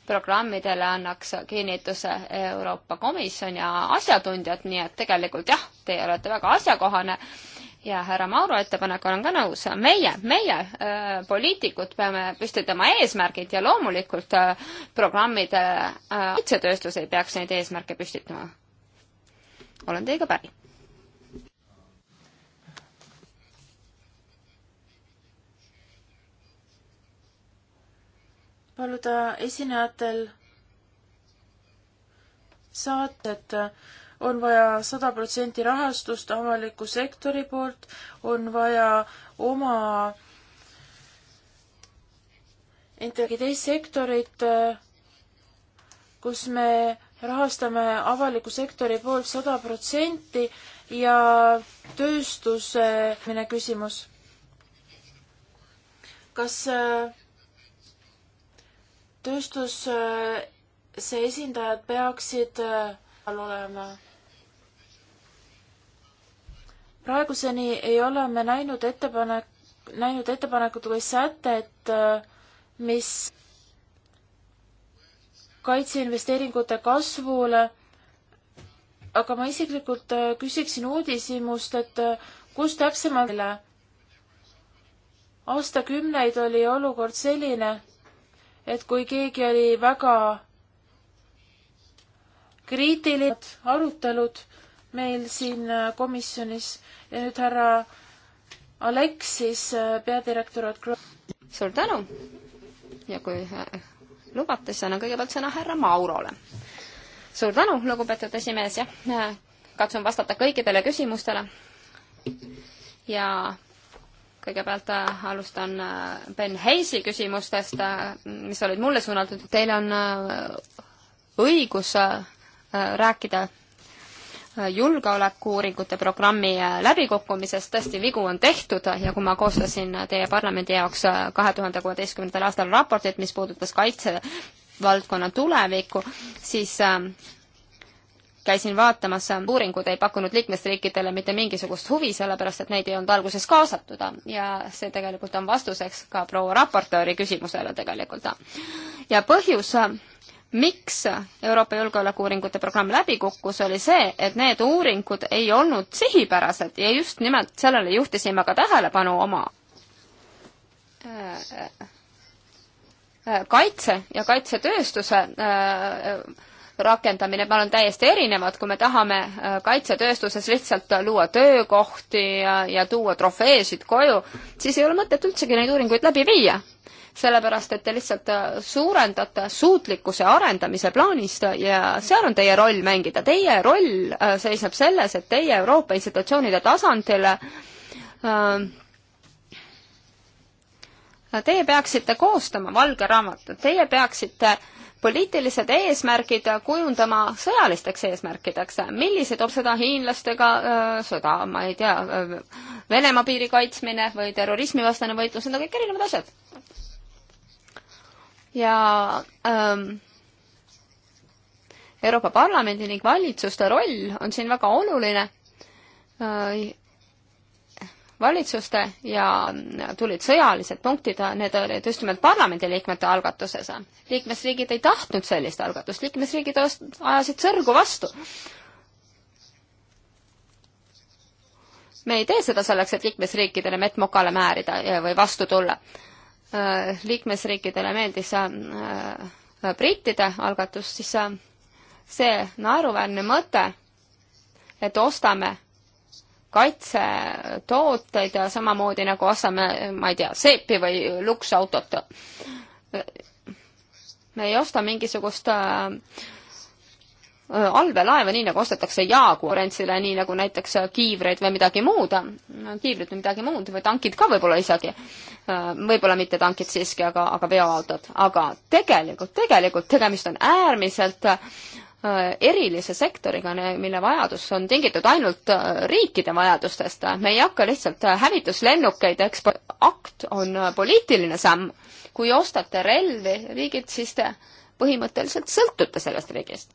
programmidele annaks kinnituse Euroopa Komisjon ja asjatundjad, nii et tegelikult jah, teie olete väga asjakohane ja härra Mauro ettepanekul olen ka nõus. meie, meie äh, poliitikud peame püstitama eesmärgid ja loomulikult äh, programmide äh, kaitsetööstus äh, ei peaks neid eesmärke püstitama. olen teiega päri paluda esinejatel saated on vaja sada protsenti rahastust avaliku sektori poolt, on vaja oma ikkagi teist sektorit, kus me rahastame avaliku sektori poolt sada protsenti ja tööstuse küsimus. kas äh, tööstuse äh, esindajad peaksid äh, olema. praeguseni ei ole me näinud ettepanek, näinud ettepanekut või sätet, äh, mis kaitseinvesteeringute kasvule, aga ma isiklikult küsiksin uudishimust, et kus täpsemalt aastakümneid oli olukord selline, et kui keegi oli väga kriitilised arutelud meil siin äh, komisjonis ja nüüd härra Aleksis, äh, peadirektorat. suur tänu ja kui äh, lubate, siis annan kõigepealt sõna härra Maurole. suur tänu, lugupeetud esimees, jah, katsun vastata kõikidele küsimustele ja kõigepealt äh, alustan äh, Ben Heisi küsimustest, äh, mis olid mulle suunatud. Teil on õigus rääkida julgeolekuuuringute programmi läbikukkumisest, tõesti vigu on tehtud ja kui ma koostasin teie parlamendi jaoks kahe tuhande kuueteistkümnendal aastal raportit, mis puudutas kaitsevaldkonna tulevikku, siis käisin vaatamas, uuringud ei pakkunud liikmesriikidele mitte mingisugust huvi, sellepärast et neid ei olnud alguses kaasatud ja see tegelikult on vastuseks ka proua raportööri küsimusele tegelikult. ja põhjus, miks Euroopa Julgeolekuuuringute programm läbi kukkus, oli see, et need uuringud ei olnud sihipärased ja just nimelt sellele juhtisime ka tähelepanu oma äh, äh, kaitse ja kaitsetööstuse äh, rakendamine, me oleme täiesti erinevad, kui me tahame äh, kaitsetööstuses lihtsalt luua töökohti ja, ja tuua trofeesid koju, siis ei ole mõtet üldsegi neid uuringuid läbi viia. sellepärast, et te lihtsalt äh, suurendate suutlikkuse arendamise plaanist ja seal on teie roll mängida. Teie roll äh, seisneb selles, et teie Euroopa institutsioonide tasandil äh, Teie peaksite koostama valge raamatu, teie peaksite äh, poliitilised eesmärgid kujundama sõjalisteks eesmärkideks. millised on seda hiinlastega äh, sõda, ma ei tea, äh, Venemaa piiri kaitsmine või terrorismivastane võitlus, need on kõik erinevad asjad. ja ähm, Euroopa Parlamendi ning valitsuste roll on siin väga oluline äh, valitsuste ja tulid sõjalised punktid, need olid just nimelt parlamendiliikmete algatuses. liikmesriigid ei tahtnud sellist algatust, liikmesriigid ajasid sõrgu vastu. me ei tee seda selleks, et liikmesriikidele mettmokale määrida või vastu tulla. liikmesriikidele meeldis äh, brittide algatus, siis äh, see naeruväärne mõte, et ostame kaitsetooteid ja samamoodi nagu ostame, ma ei tea, seepi või luksautot. me ei osta mingisugust äh, allveelaeva, nii nagu ostetakse jaaguarentsile, nii nagu näiteks kiivreid või midagi muud, kiivrid või midagi muud või tankid ka võib-olla isegi. Äh, võib-olla mitte tankid siiski, aga, aga veoautod, aga tegelikult, tegelikult tegemist on äärmiselt äh, Äh, erilise sektoriga, mille vajadus on tingitud ainult äh, riikide vajadustest. me ei hakka lihtsalt äh, hävituslennukeid ekspo-, akt on poliitiline samm. kui ostate relvi riigilt, siis te põhimõtteliselt sõltute sellest riigist.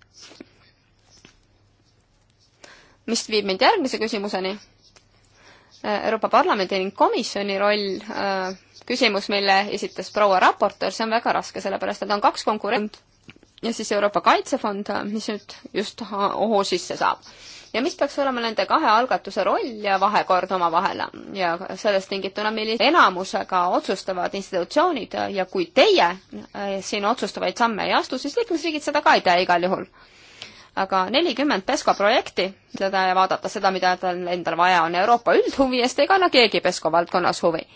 mis viib mind järgmise küsimuseni. Euroopa Parlamendi ning komisjoni roll, küsimus, mille esitas proua raportöör, see on väga raske, sellepärast et on kaks konkurent- ja siis Euroopa Kaitsefond, äh, mis nüüd just hoo sisse saab. ja mis peaks olema nende kahe algatuse roll ja vahekord omavahel ja sellest tingituna, millise enamusega otsustavad institutsioonid äh, ja kui teie äh, siin otsustavaid samme ei astu, siis liikmesriigid seda ka ei tee igal juhul. aga nelikümmend PESCO projekti, seda ja vaadata seda, mida tal endal vaja on Euroopa üldhuvi eest, ei kanna keegi PESCO valdkonnas huvi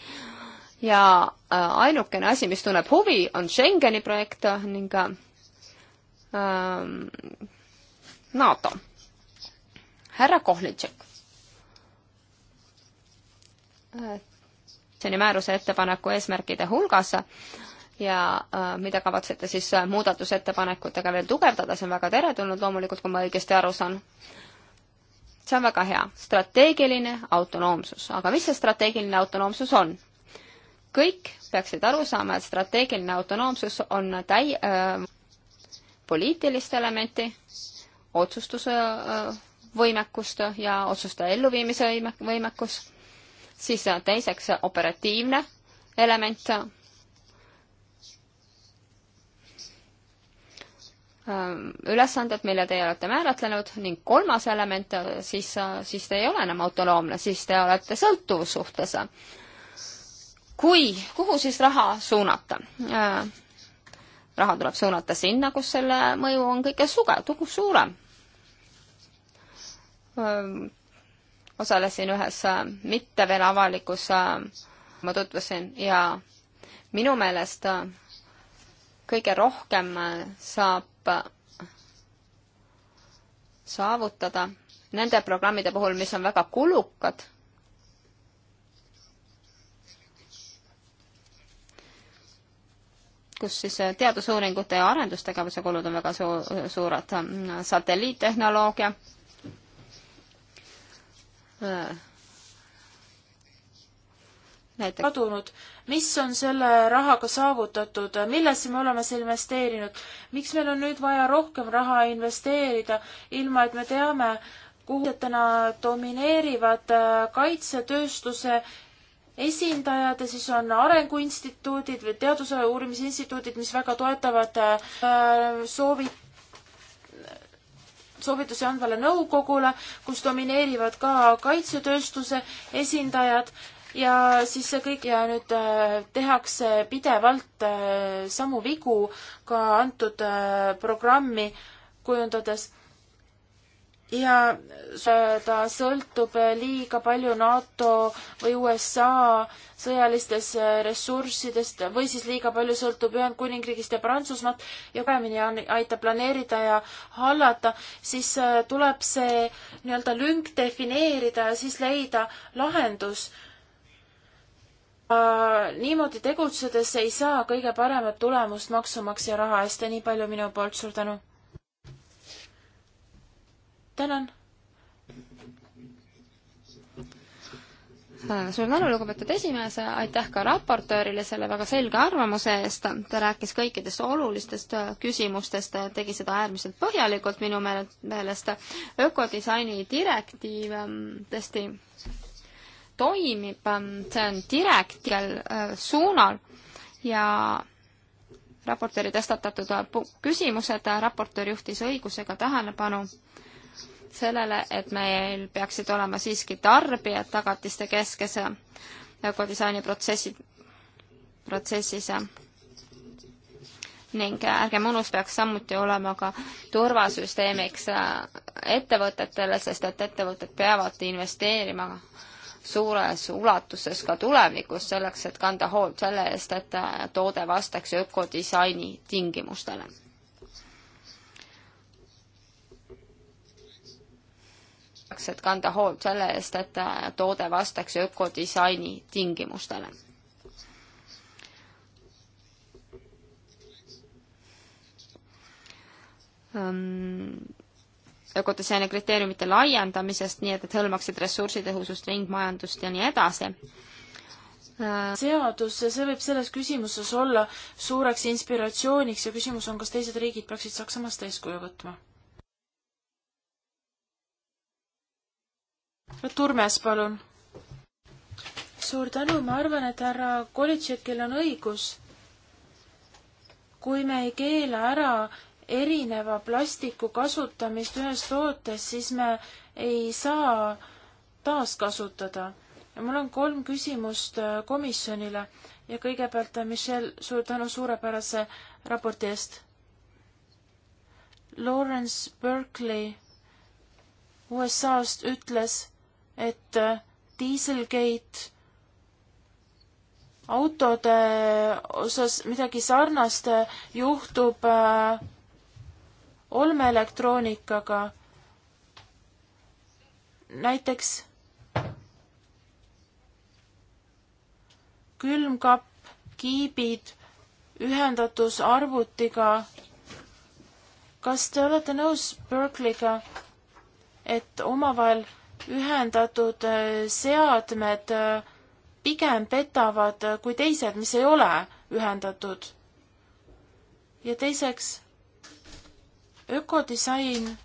ja ainukene asi, mis tunneb huvi, on Schengeni projekt ning Ähm, NATO. härra Kohlitšek. Äh, see oli määruse ettepaneku eesmärkide hulgas ja äh, mida kavatsete siis äh, muudatusettepanekutega veel tugevdada, see on väga teretulnud loomulikult, kui ma õigesti aru saan. see on väga hea, strateegiline autonoomsus, aga mis see strateegiline autonoomsus on? kõik peaksid aru saama, et strateegiline autonoomsus on täi- äh,, poliitilist elementi, otsustusvõimekust äh, ja otsuste elluviimise võimekus, siis äh, teiseks äh, operatiivne element, ähm, ülesanded, mille teie olete määratlenud ning kolmas element, siis, siis te ei ole enam autonoomne, siis te olete sõltuvussuhtes. kui, kuhu siis raha suunata? raha tuleb suunata sinna, kus selle mõju on kõige suge-, suurem. osalesin ühes äh, mitte veel avalikus, äh, ma tutvusin ja minu meelest äh, kõige rohkem saab saavutada nende programmide puhul, mis on väga kulukad kus siis äh, teadusuuringute ja arendustegevuse kulud on väga su-, suured. Mm, satelliittehnoloogia, äh. näiteks kadunud, mis on selle rahaga saavutatud, millesse me oleme see investeerinud, miks meil on nüüd vaja rohkem raha investeerida, ilma et me teame, kuhu täna domineerivad äh, kaitsetööstuse esindajad ja siis on arenguinstituudid või teaduse uurimisinstituudid, mis väga toetavad äh, soovi, soovitusi andvale nõukogule, kus domineerivad ka kaitsetööstuse esindajad ja siis see kõik ja nüüd äh, tehakse pidevalt äh, samu vigu ka antud programmi kujundades ja ta sõltub liiga palju NATO või USA sõjalistest ressurssidest või siis liiga palju sõltub Ühendkuningriigist ja Prantsusmaalt ja paremini aitab planeerida ja hallata, siis äh, tuleb see nii-öelda lünk defineerida ja siis leida lahendus. Äh, niimoodi tegutsedes ei saa kõige paremat tulemust maksumaksja raha eest ja nii palju minu poolt, suur tänu! tänan. Äh, suur tänu, lugupeetud esimees, aitäh ka raportöörile selle väga selge arvamuse eest, ta rääkis kõikidest olulistest äh, küsimustest, tegi seda äärmiselt põhjalikult minu meelest. ökodisaini direktiiv ähm, tõesti toimib, ähm, see on direktiiv äh, suunal ja raportööri tõstatatud küsimused, raportöör juhtis õigusega tähelepanu viitasid sellele, et meil peaksid olema siiski tarbijad tagatiste keskes ökodisaini protsessi, protsessis. ning ärgem unustaks, samuti olema ka turvasüsteemiks äh, ettevõtetele, sest et ettevõtted peavad investeerima suures ulatuses ka tulevikus selleks, et kanda hoolt selle eest, et äh, toode vastaks ökodisaini tingimustele et kanda hoolt selle eest, et äh, toode vastaks ökodisaini tingimustele. ökodisaini kriteeriumite laiendamisest, nii et, et hõlmaksid ressursitõhusust, ringmajandust ja nii edasi äh, seadus, see võib selles küsimuses olla suureks inspiratsiooniks ja küsimus on, kas teised riigid peaksid Saksamaast eeskuju võtma? nüüd Turmes, palun. suur tänu, ma arvan, et härra Kolitšekil on õigus. kui me ei keela ära erineva plastiku kasutamist ühes tootes, siis me ei saa taaskasutada. ja mul on kolm küsimust äh, komisjonile ja kõigepealt, äh, Michelle, suur tänu suurepärase raporti eest. Lawrence Berkeley USA-st ütles, et äh, Dieselgate autode osas midagi sarnast äh, juhtub äh, olmeelektroonikaga. näiteks külmkapp, kiibid ühendatus arvutiga. kas te olete nõus Berkeley'ga, et omavahel ühendatud äh, seadmed äh, pigem petavad äh, kui teised, mis ei ole ühendatud. ja teiseks, ökodisain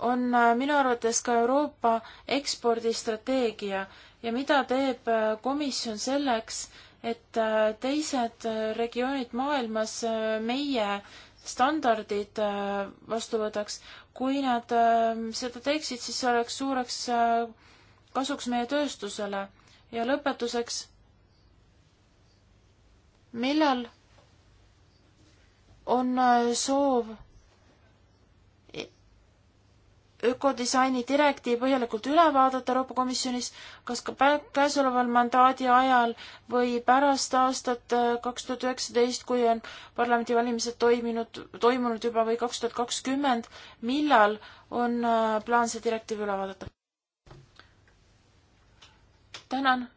on minu arvates ka Euroopa ekspordistrateegia ja mida teeb komisjon selleks, et teised regioonid maailmas meie standardid vastu võtaks kui nad ähm, seda teeksid, siis see oleks suureks äh, kasuks meie tööstusele. ja lõpetuseks, millal on äh, soov ökodisaini direktiiv põhjalikult üle vaadata Euroopa Komisjonis, kas ka käesoleval mandaadi ajal või pärast aastat äh, kaks tuhat üheksateist, kui on parlamendivalimised toiminud, toimunud juba või kaks tuhat kakskümmend, millal on äh, plaan see direktiiv üle vaadata? tänan